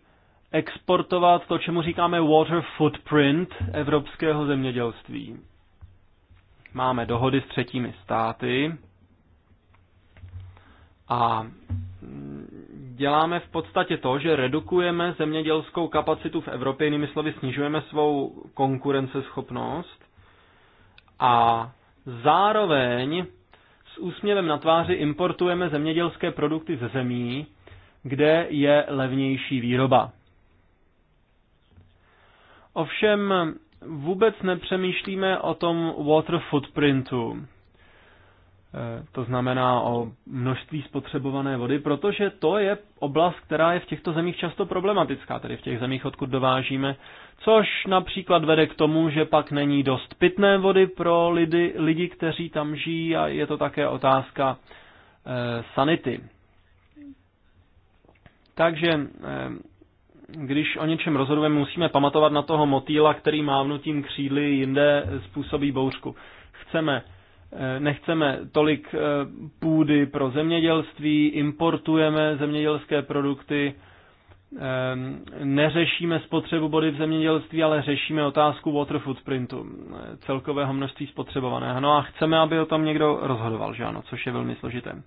exportovat to, čemu říkáme water footprint evropského zemědělství. Máme dohody s třetími státy a děláme v podstatě to, že redukujeme zemědělskou kapacitu v Evropě, jinými slovy snižujeme svou konkurenceschopnost a zároveň s úsměvem na tváři importujeme zemědělské produkty ze zemí, kde je levnější výroba. Ovšem vůbec nepřemýšlíme o tom water footprintu, e, to znamená o množství spotřebované vody, protože to je oblast, která je v těchto zemích často problematická, tedy v těch zemích, odkud dovážíme, což například vede k tomu, že pak není dost pitné vody pro lidi, lidi kteří tam žijí a je to také otázka eh, sanity. Takže eh, když o něčem rozhodujeme, musíme pamatovat na toho motýla, který mávnutím křídly jinde způsobí bouřku. Chceme eh, nechceme tolik eh, půdy pro zemědělství, importujeme zemědělské produkty, ehm, neřešíme spotřebu body v zemědělství, ale řešíme otázku water footprintu, eh, celkového množství spotřebovaného. No a chceme, aby o tom někdo rozhodoval, že ano, což je velmi složité.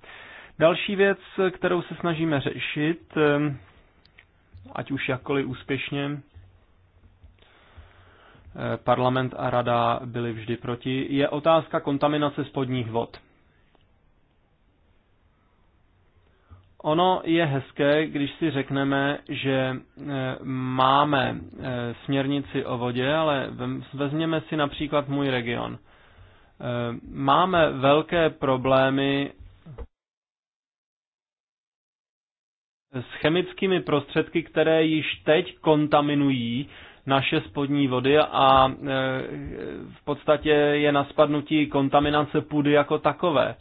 Další věc, kterou se snažíme řešit, ehm, ať už jakkoliv úspěšně. Eh, parlament a rada byly vždy proti. Je otázka kontaminace spodních vod. Ono je hezké, když si řekneme, že eh, máme eh, směrnici o vodě, ale vezměme si například můj region. Máme velké problémy s chemickými prostředky, které již teď kontaminují naše spodní vody a e, v podstatě je na spadnutí kontaminace půdy jako takové.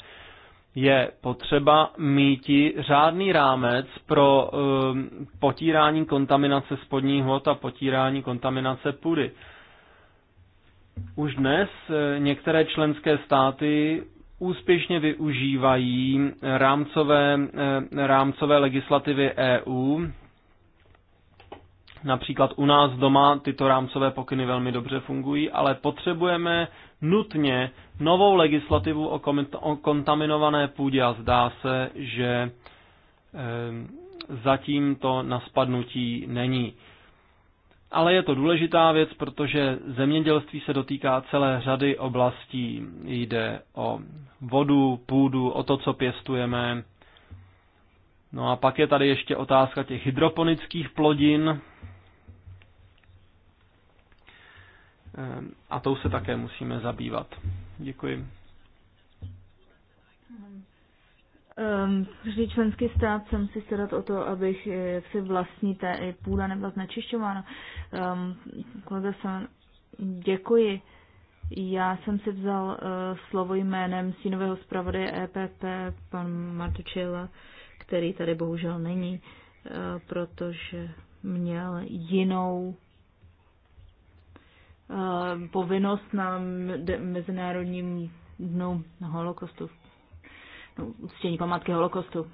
Je potřeba mít řádný rámec pro e, potírání kontaminace spodních vod a potírání kontaminace půdy. Už dnes e, některé členské státy úspěšně využívají rámcové, eh, rámcové legislativy EU. Například u nás doma tyto rámcové pokyny velmi dobře fungují, ale potřebujeme nutně novou legislativu o kontaminované půdě a zdá se, že eh, zatím to na spadnutí není ale je to důležitá věc, protože zemědělství se dotýká celé řady oblastí. Jde o vodu, půdu, o to, co pěstujeme. No a pak je tady ještě otázka těch hydroponických plodin. Ehm, a tou se také musíme zabývat. Děkuji. Um, každý členský stát se musí starat o to, abych jak eh, se vlastní té půda nebyla znečišťována. Um, ehm, kolega jsem, děkuji. Já jsem si vzal uh, slovo jménem sínového zpravodaje EPP, pan Martučela, který tady bohužel není, uh, protože měl jinou povinnost na mezinárodním dnu holokostu uctění památky holokostu.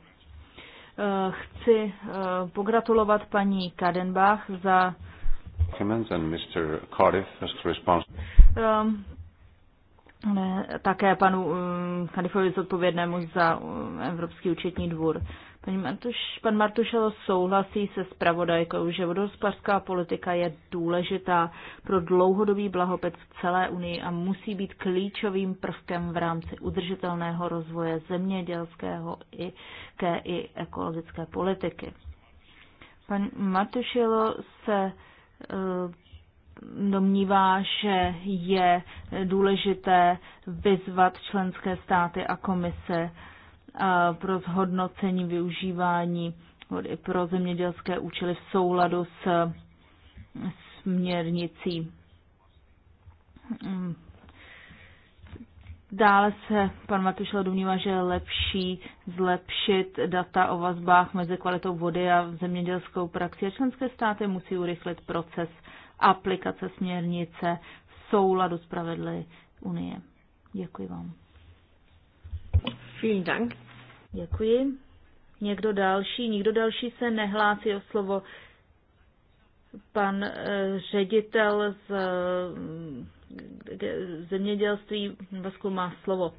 Eh, chci eh, pogratulovat paní Kadenbach za ehm, také panu Kadifovi ehm, zodpovědnému za eh, Evropský účetní dvůr. Paní Martuš, pan Martušel souhlasí se zpravodajkou, že vodohospodářská politika je důležitá pro dlouhodobý blahopec v celé Unii a musí být klíčovým prvkem v rámci udržitelného rozvoje zemědělského i, ke, i ekologické politiky. Pan Matušilo se eh, domnívá, že je důležité vyzvat členské státy a komise pro zhodnocení využívání vody pro zemědělské účely v souladu s směrnicí. Mm. Dále se pan Matušel domnívá, že je lepší zlepšit data o vazbách mezi kvalitou vody a zemědělskou praxi. A členské státy musí urychlit proces aplikace směrnice v souladu s pravidly Unie. Děkuji vám. Vielen Dank. Děkuji. Někdo další? Nikdo další se nehlásí o slovo. Pan eh, ředitel z eh, zemědělství Vasku má slovo.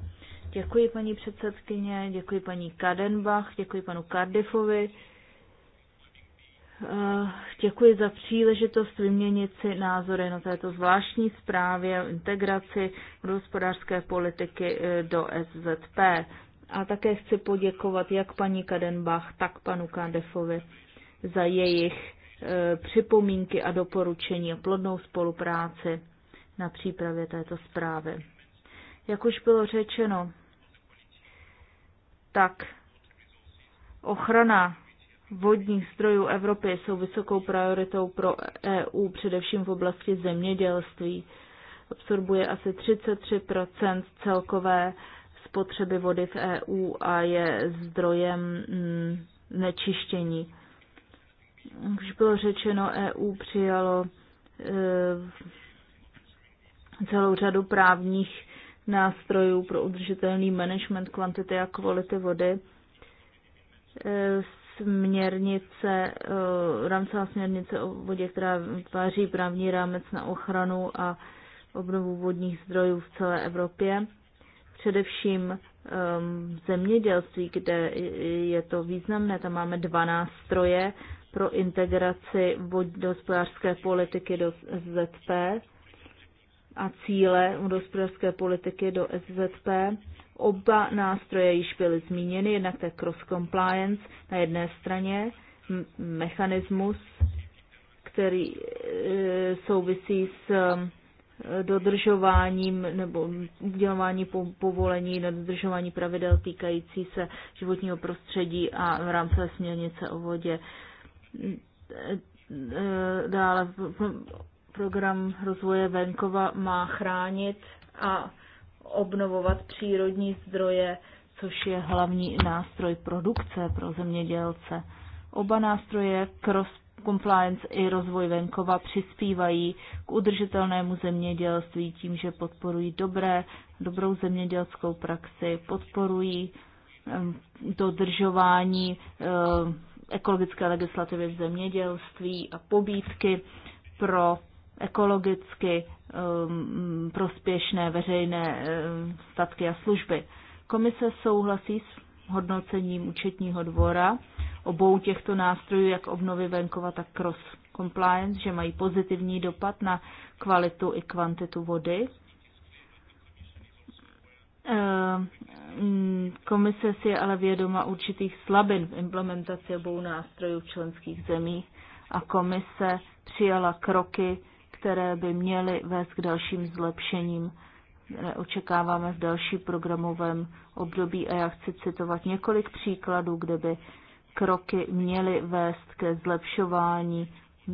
Děkuji paní předsedkyně, děkuji paní Kadenbach, děkuji panu Cardiffovi. Eh, děkuji za příležitost vyměnit si názory na této zvláštní zprávě o integraci hospodářské politiky do SZP. A také chci poděkovat jak paní Kadenbach, tak panu Kandefovi za jejich e, připomínky a doporučení a plodnou spolupráci na přípravě této zprávy. Jak už bylo řečeno, tak ochrana vodních zdrojů Evropy jsou vysokou prioritou pro EU, především v oblasti zemědělství. Absorbuje asi 33 celkové spotřeby vody v EU a je zdrojem mm, nečištění. Už bylo řečeno, EU přijalo eh, celou řadu právních nástrojů pro udržitelný management kvantity a kvality vody. Eh, směrnice, eh, rámcová směrnice o vodě, která tváří právní rámec na ochranu a obnovu vodních zdrojů v celé Evropě především um, zemědělství, kde je to významné. Tam máme dva nástroje pro integraci do hospodářské politiky do SZP a cíle do hospodářské politiky do SZP. Oba nástroje již byly zmíněny, jednak to je cross compliance na jedné straně, mechanismus, který e, souvisí s dodržováním nebo udělování povolení na dodržování pravidel týkající se životního prostředí a v rámci směrnice o vodě. Dále program rozvoje venkova má chránit a obnovovat přírodní zdroje, což je hlavní nástroj produkce pro zemědělce. Oba nástroje cross compliance i rozvoj venkova přispívají k udržitelnému zemědělství tím, že podporují dobré, dobrou zemědělskou praxi, podporují dodržování eh, ekologické legislativy v zemědělství a pobídky pro ekologicky prospěšné veřejné eh, statky a služby. Komise souhlasí s hodnocením účetního dvora obou těchto nástrojů, jak obnovy venkova, tak cross compliance, že mají pozitivní dopad na kvalitu i kvantitu vody. Eh, komise si je ale vědoma určitých slabin v implementaci obou nástrojů v členských zemích a komise přijala kroky, které by měly vést k dalším zlepšením, které očekáváme v další programovém období. A já chci citovat několik příkladů, kde by kroky měly vést ke zlepšování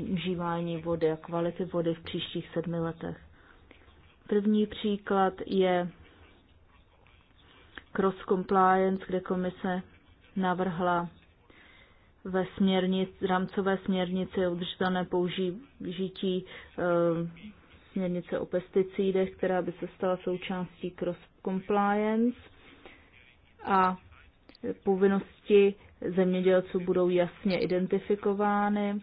užívání vody a kvality vody v příštích sedmi letech. První příklad je cross compliance, kde komise navrhla ve směrnic, rámcové směrnici o udržitelné použití e, směrnice o pesticidech, která by se stala součástí cross compliance. A Povinnosti zemědělců budou jasně identifikovány.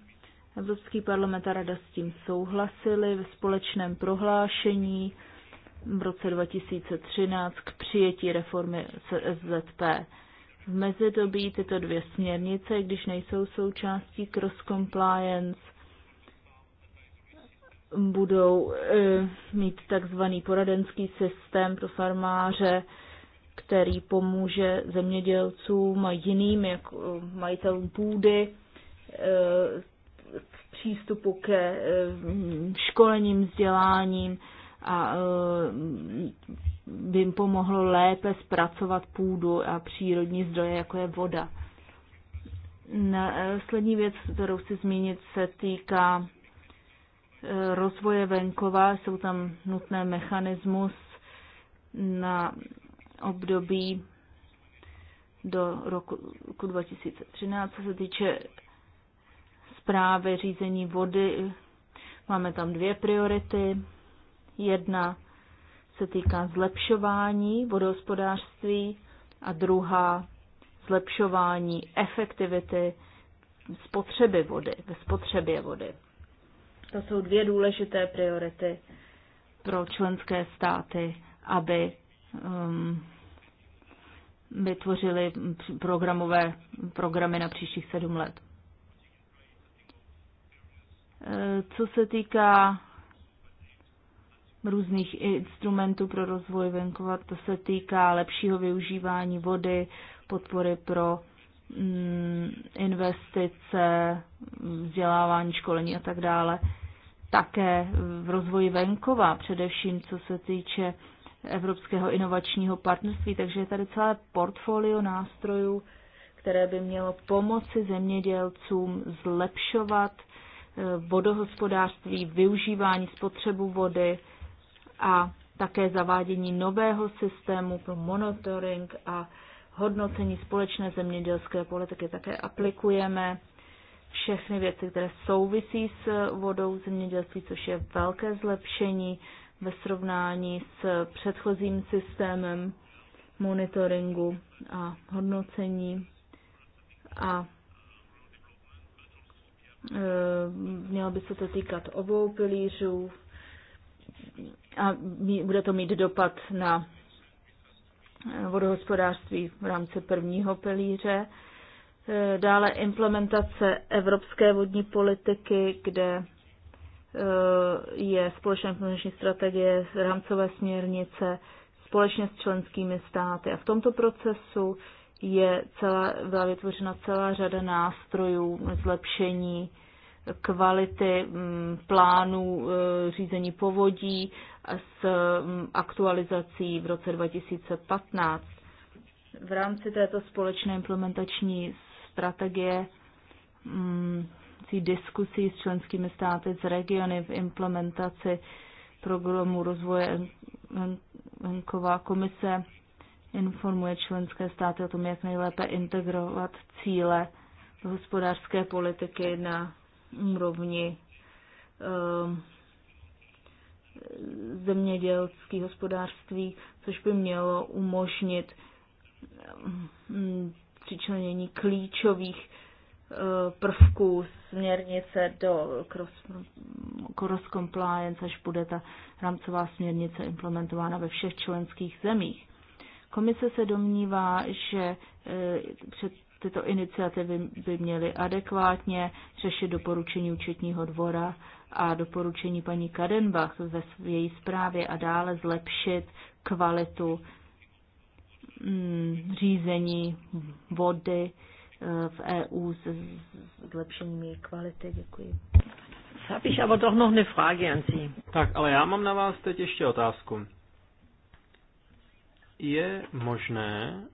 Evropský parlament a rada s tím souhlasili ve společném prohlášení v roce 2013 k přijetí reformy SZP. V mezidobí tyto dvě směrnice, když nejsou součástí cross-compliance, budou e, mít takzvaný poradenský systém pro farmáře, e, který pomůže zemědělcům a jiným jak eh, majitelům půdy k eh, přístupu ke eh, školením, vzděláním a by jim pomohlo lépe zpracovat půdu a přírodní zdroje, jako je voda. Následní věc, kterou chci zmínit, se týká rozvoje venkova. Jsou tam nutné mechanismus na období do roku 2013, co se týče zprávy řízení vody, máme tam dvě priority. Jedna se týká zlepšování vodohospodářství a druhá zlepšování efektivity spotřeby vody, ve spotřebě vody. To jsou dvě důležité priority pro členské státy, aby Um, vytvořili programové programy na příštích sedm let. Eh, co se týká různých instrumentů pro rozvoj venkova, to se týká lepšího využívání vody, podpory pro mm, investice, vzdělávání, školení a tak dále. Také v rozvoji venkova, především co se týče Evropského inovačního partnerství, takže je tady celé portfolio nástrojů, které by mělo pomoci zemědělcům zlepšovat eh, vodohospodářství, využívání spotřebu vody a také zavádění nového systému pro monitoring a hodnocení společné zemědělské politiky. Také aplikujeme všechny věci, které souvisí s vodou zemědělství, což je velké zlepšení ve srovnání s předchozím systémem monitoringu a hodnocení a e, mělo by se to týkat obou pilířů a bude to mít dopad na e, vodohospodářství v rámci prvního pilíře. E, dále implementace evropské vodní politiky, kde je společná komunikační strategie, rámcové směrnice společně s členskými státy. A v tomto procesu je celá, byla vytvořena celá řada nástrojů zlepšení kvality mm, plánů e, řízení povodí s mm, aktualizací v roce 2015. V rámci této společné implementační strategie mm, souvisí diskusí s členskými státy, s regiony v implementaci programu rozvoje venková komise informuje členské státy o tom, jak nejlépe integrovat cíle hospodářské politiky na úrovni um, ehm, zemědělských hospodářství, což by mělo umožnit ehm, přičlenění klíčových Eh, prvků směrnice do cross compliance, až bude ta rámcová směrnice implementována ve všech členských zemích. Komise se domnívá, že eh, před tyto iniciativy by měly adekvátně řešit doporučení účetního dvora a doporučení paní Kadenbach ve její zprávě a dále zlepšit kvalitu mm, řízení vody, v EU s zlepšením její kvality. Děkuji. Zapíš aber doch noch eine Frage an Sie. Tak, ale já mám na vás teď ještě otázku. Je možné,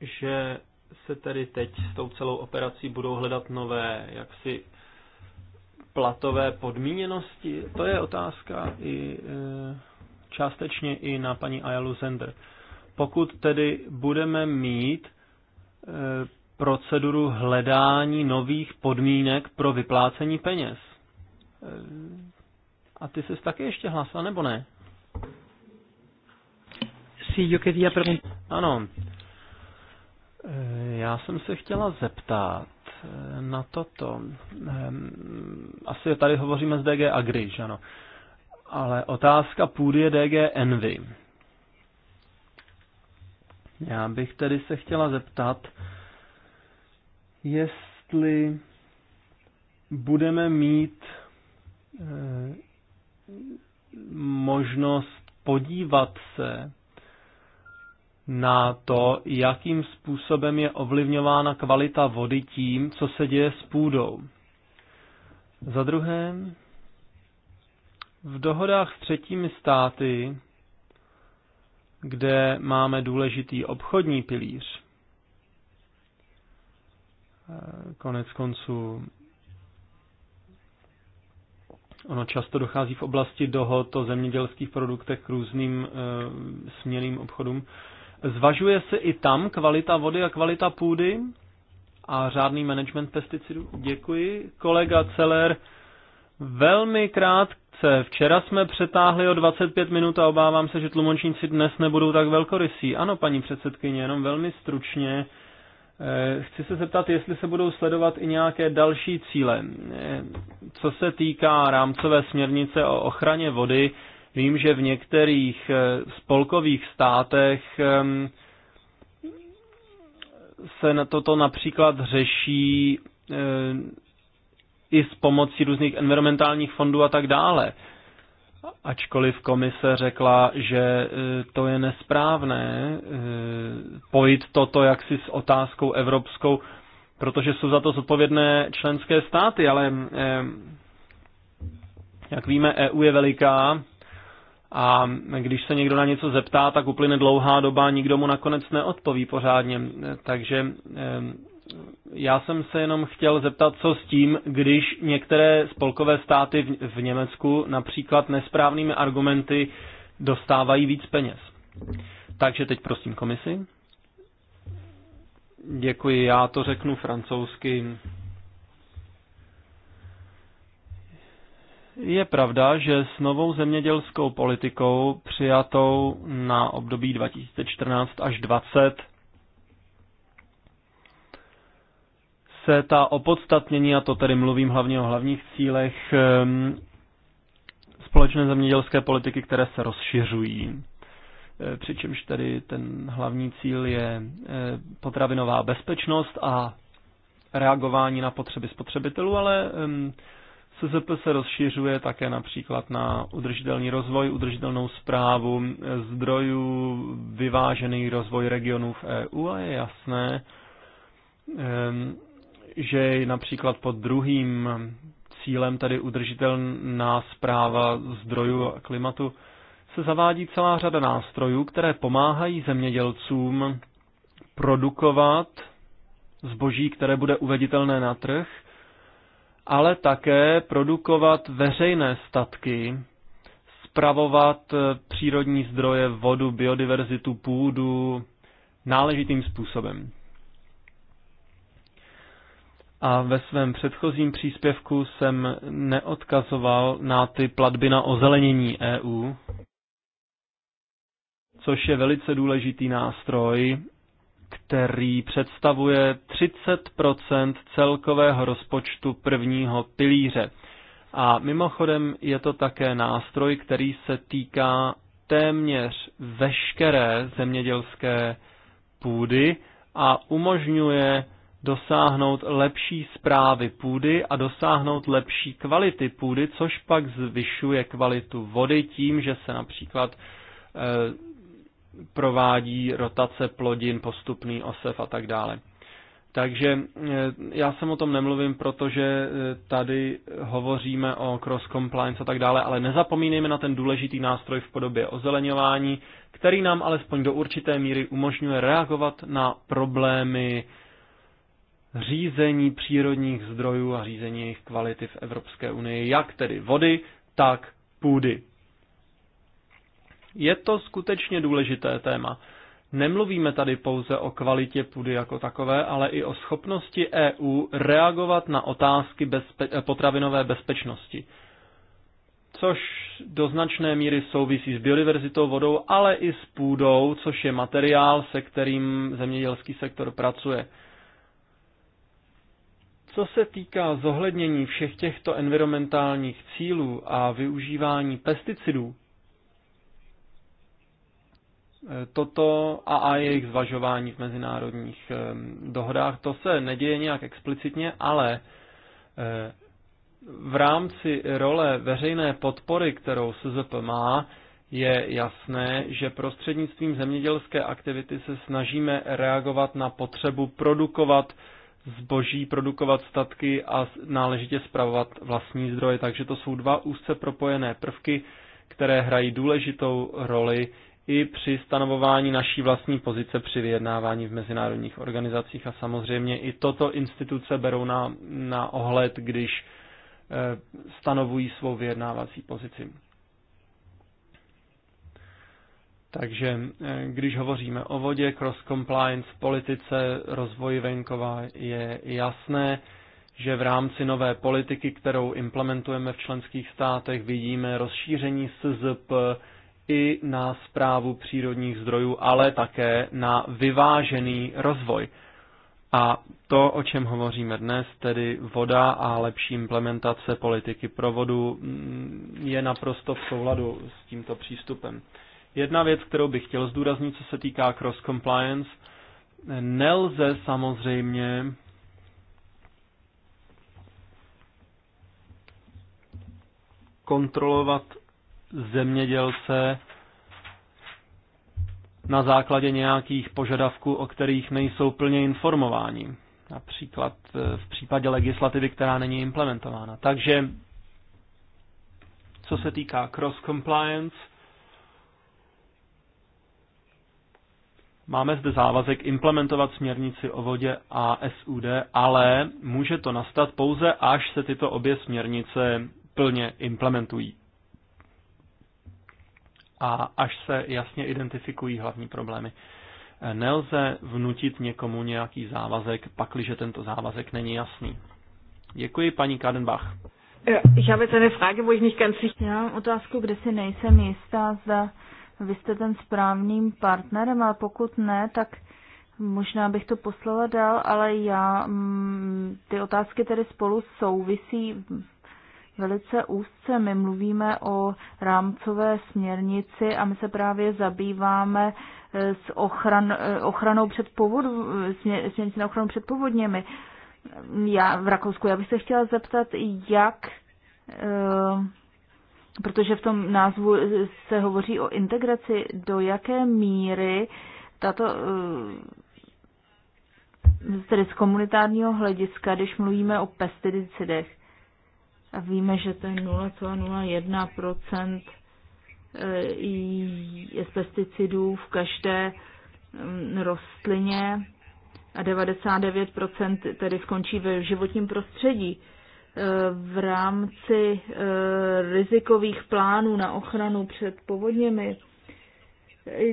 že se tedy teď s tou celou operací budou hledat nové jaksi platové podmíněnosti? To je otázka i e, částečně i na paní Ayalu Zender. Pokud tedy budeme mít e, proceduru hledání nových podmínek pro vyplácení peněz. E, a ty jsi taky ještě hlasa, nebo ne? Sí, yo quería Ano. E, já jsem se chtěla zeptat e, na toto. Asi tady hovoříme z DG že ano. Ale otázka půdy je DG Envy. Já bych tedy se chtěla zeptat, jestli budeme mít eh, možnost podívat se na to, jakým způsobem je ovlivňována kvalita vody tím, co se děje s půdou. Za druhé, v dohodách s třetími státy, kde máme důležitý obchodní pilíř, Konec konců Ono často dochází v oblasti dohod o zemědělských produktech k různým e, eh, směným obchodům. Zvažuje se i tam kvalita vody a kvalita půdy a řádný management pesticidů? Děkuji. Kolega Celer, velmi krátce. Včera jsme přetáhli o 25 minut a obávám se, že tlumočníci dnes nebudou tak velkorysí. Ano, paní předsedkyně, jenom velmi stručně Eh, chci se zeptat, jestli se budou sledovat i nějaké další cíle. Eh, co se týká rámcové směrnice o ochraně vody, vím, že v některých eh, spolkových státech ehm, se na toto například řeší i s pomocí různých environmentálních fondů a tak dále ačkoliv komise řekla, že e, to je nesprávné e, pojít toto jaksi s otázkou evropskou, protože jsou za to zodpovědné členské státy, ale e, jak víme, EU je veliká a když se někdo na něco zeptá, tak uplyne dlouhá doba, nikdo mu nakonec neodpoví pořádně. Takže já jsem se jenom chtěl zeptat, co s tím, když některé spolkové státy v Německu například nesprávnými argumenty dostávají víc peněz. Takže teď prosím komisi. Děkuji, já to řeknu francouzsky. Je pravda, že s novou zemědělskou politikou přijatou na období 2014 až 2020 ta opodstatnění, a to tedy mluvím hlavně o hlavních cílech společné zemědělské politiky, které se rozšiřují. E, přičemž tedy ten hlavní cíl je e, potravinová bezpečnost a reagování na potřeby spotřebitelů, ale SZP se rozšiřuje také například na udržitelný rozvoj, udržitelnou zprávu zdrojů, vyvážený rozvoj regionů v EU a je jasné, že je například pod druhým cílem, tedy udržitelná zpráva zdrojů a klimatu, se zavádí celá řada nástrojů, které pomáhají zemědělcům produkovat zboží, které bude uveditelné na trh, ale také produkovat veřejné statky, spravovat přírodní zdroje, vodu, biodiverzitu, půdu náležitým způsobem a ve svém předchozím příspěvku jsem neodkazoval na ty platby na ozelenění EU, což je velice důležitý nástroj, který představuje 30 celkového rozpočtu prvního pilíře. A mimochodem je to také nástroj, který se týká téměř veškeré zemědělské půdy a umožňuje dosáhnout lepší zprávy půdy a dosáhnout lepší kvality půdy, což pak zvyšuje kvalitu vody tím, že se například e, provádí rotace plodin, postupný osev a tak dále. Takže eh, já jsem o tom nemluvím, protože eh, tady hovoříme o cross compliance a tak dále, ale nezapomínejme na ten důležitý nástroj v podobě ozeleňování, který nám alespoň do určité míry umožňuje reagovat na problémy řízení přírodních zdrojů a řízení jejich kvality v Evropské unii, jak tedy vody, tak půdy. Je to skutečně důležité téma. Nemluvíme tady pouze o kvalitě půdy jako takové, ale i o schopnosti EU reagovat na otázky bezpe- eh, potravinové bezpečnosti, což do značné míry souvisí s biodiverzitou, vodou, ale i s půdou, což je materiál, se kterým zemědělský sektor pracuje. Co se týká zohlednění všech těchto environmentálních cílů a využívání pesticidů, eh, toto a, a jejich zvažování v mezinárodních ehm, dohodách, to se neděje nějak explicitně, ale eh, v rámci role veřejné podpory, kterou SZP má, je jasné, že prostřednictvím zemědělské aktivity se snažíme reagovat na potřebu produkovat zboží, produkovat statky a náležitě spravovat vlastní zdroje. Takže to jsou dva úzce propojené prvky, které hrají důležitou roli i při stanovování naší vlastní pozice při vyjednávání v mezinárodních organizacích a samozřejmě i toto instituce berou na, na ohled, když eh, stanovují svou vyjednávací pozici. Takže eh, když hovoříme o vodě, cross compliance, politice, rozvoji venkova, je jasné, že v rámci nové politiky, kterou implementujeme v členských státech, vidíme rozšíření SZP i na zprávu přírodních zdrojů, ale také na vyvážený rozvoj. A to, o čem hovoříme dnes, tedy voda a lepší implementace politiky pro vodu, mm, je naprosto v souladu s tímto přístupem. Jedna věc, kterou bych chtěl zdůraznit, co se týká cross compliance, nelze samozřejmě kontrolovat zemědělce na základě nějakých požadavků, o kterých nejsou plně informováni. Například eh, v případě legislativy, která není implementována. Takže co se týká cross compliance, Máme zde závazek implementovat směrnici o vodě a SUD, ale může to nastat pouze, až se tyto obě směrnice plně implementují. A až se jasně identifikují hlavní problémy. Nelze vnutit někomu nějaký závazek, pakliže tento závazek není jasný. Děkuji, paní Kadenbach. Já, eh, ich habe jetzt eine Frage, wo ich nicht ganz sicher... Já mám otázku, kde si nejsem jistá, zda vy jste ten správným partnerem, ale pokud ne, tak možná bych to poslala dál, ale já, mm, ty otázky tedy spolu souvisí velice úzce. My mluvíme o rámcové směrnici a my se právě zabýváme e, s ochran, e, ochranou před povodu, směrnici na ochranu před povodněmi. Já v Rakousku, já bych se chtěla zeptat, jak e, protože v tom názvu se hovoří o integraci, do jaké míry tato eh, tedy z komunitárního hlediska, když mluvíme o pesticidech a víme, že to je 0,01% eh, z pesticidů v každé mm, rostlině a 99% tedy skončí ve životním prostředí v rámci eh, rizikových plánů na ochranu před povodněmi.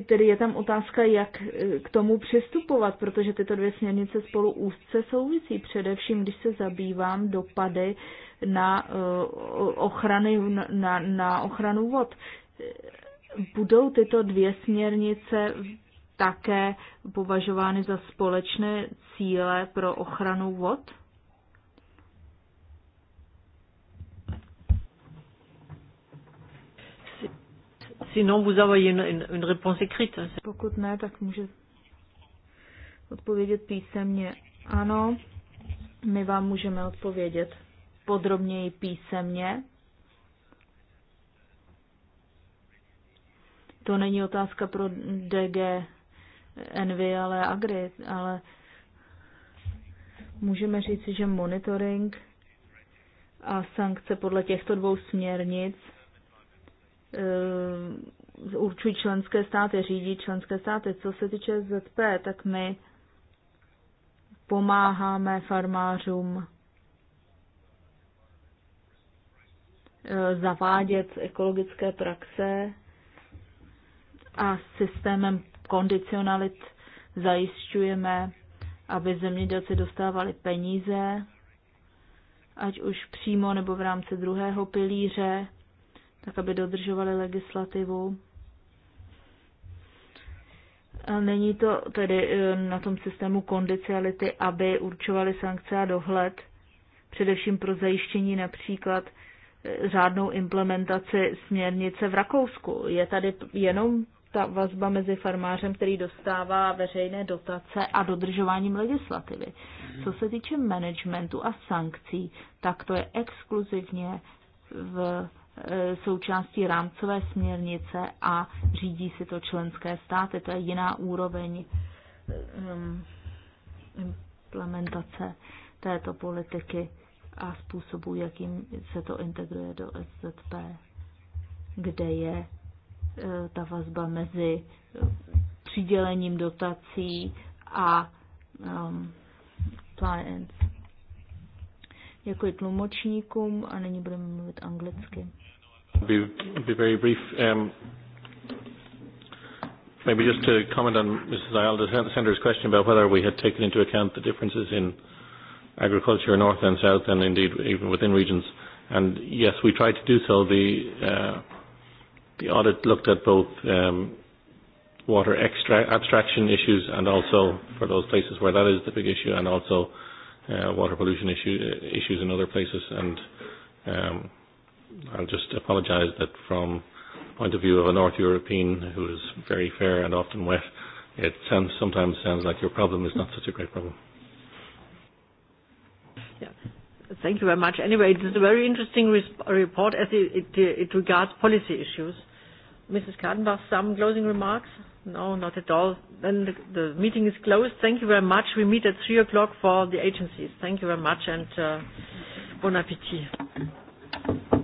Tedy je tam otázka, jak eh, k tomu přistupovat, protože tyto dvě směrnice spolu úzce souvisí, především když se zabývám dopady na, eh, ochrany, na, na ochranu vod. Budou tyto dvě směrnice také považovány za společné cíle pro ochranu vod? sinon vous avez une, une, une réponse écrite. Pokud ne, tak může odpovědět písemně. Ano, my vám můžeme odpovědět podrobněji písemně. To není otázka pro DG NV, ale Agri, ale můžeme říci, že monitoring a sankce podle těchto dvou směrnic Eh, určují členské státy, řídí členské státy. Co se týče ZP, tak my pomáháme farmářům eh, zavádět ekologické praxe a systémem kondicionalit zajišťujeme, aby zemědělci dostávali peníze, ať už přímo nebo v rámci druhého pilíře, tak aby dodržovali legislativu. A není to tedy e, na tom systému kondicionality, aby určovali sankce a dohled, především pro zajištění například e, řádnou implementaci směrnice v Rakousku. Je tady jenom ta vazba mezi farmářem, který dostává veřejné dotace a dodržováním legislativy. Co se týče managementu a sankcí, tak to je exkluzivně v E, součástí rámcové směrnice a řídí si to členské státy. To je jiná úroveň e, implementace této politiky a způsobu, jakým se to integruje do SZP, kde je e, ta vazba mezi přidělením dotací a um, clients. Děkuji tlumočníkům a nyní budeme mluvit anglicky. Be, be very brief. Um, maybe just to comment on Mrs. Ayala Sender's question about whether we had taken into account the differences in agriculture north and south and indeed even within regions. And yes, we tried to do so. The, uh, the audit looked at both um, water extra- abstraction issues and also for those places where that is the big issue and also uh, water pollution issue, uh, issues in other places. And um, I'll just apologise that from the point of view of a North European who is very fair and often wet, it sounds, sometimes sounds like your problem is not such a great problem. Yeah. Thank you very much. Anyway, it is a very interesting report as it, it, it regards policy issues. Mrs. Kadenbach, some closing remarks? No, not at all. Then the, the meeting is closed. Thank you very much. We meet at 3 o'clock for the agencies. Thank you very much and uh, bon appétit.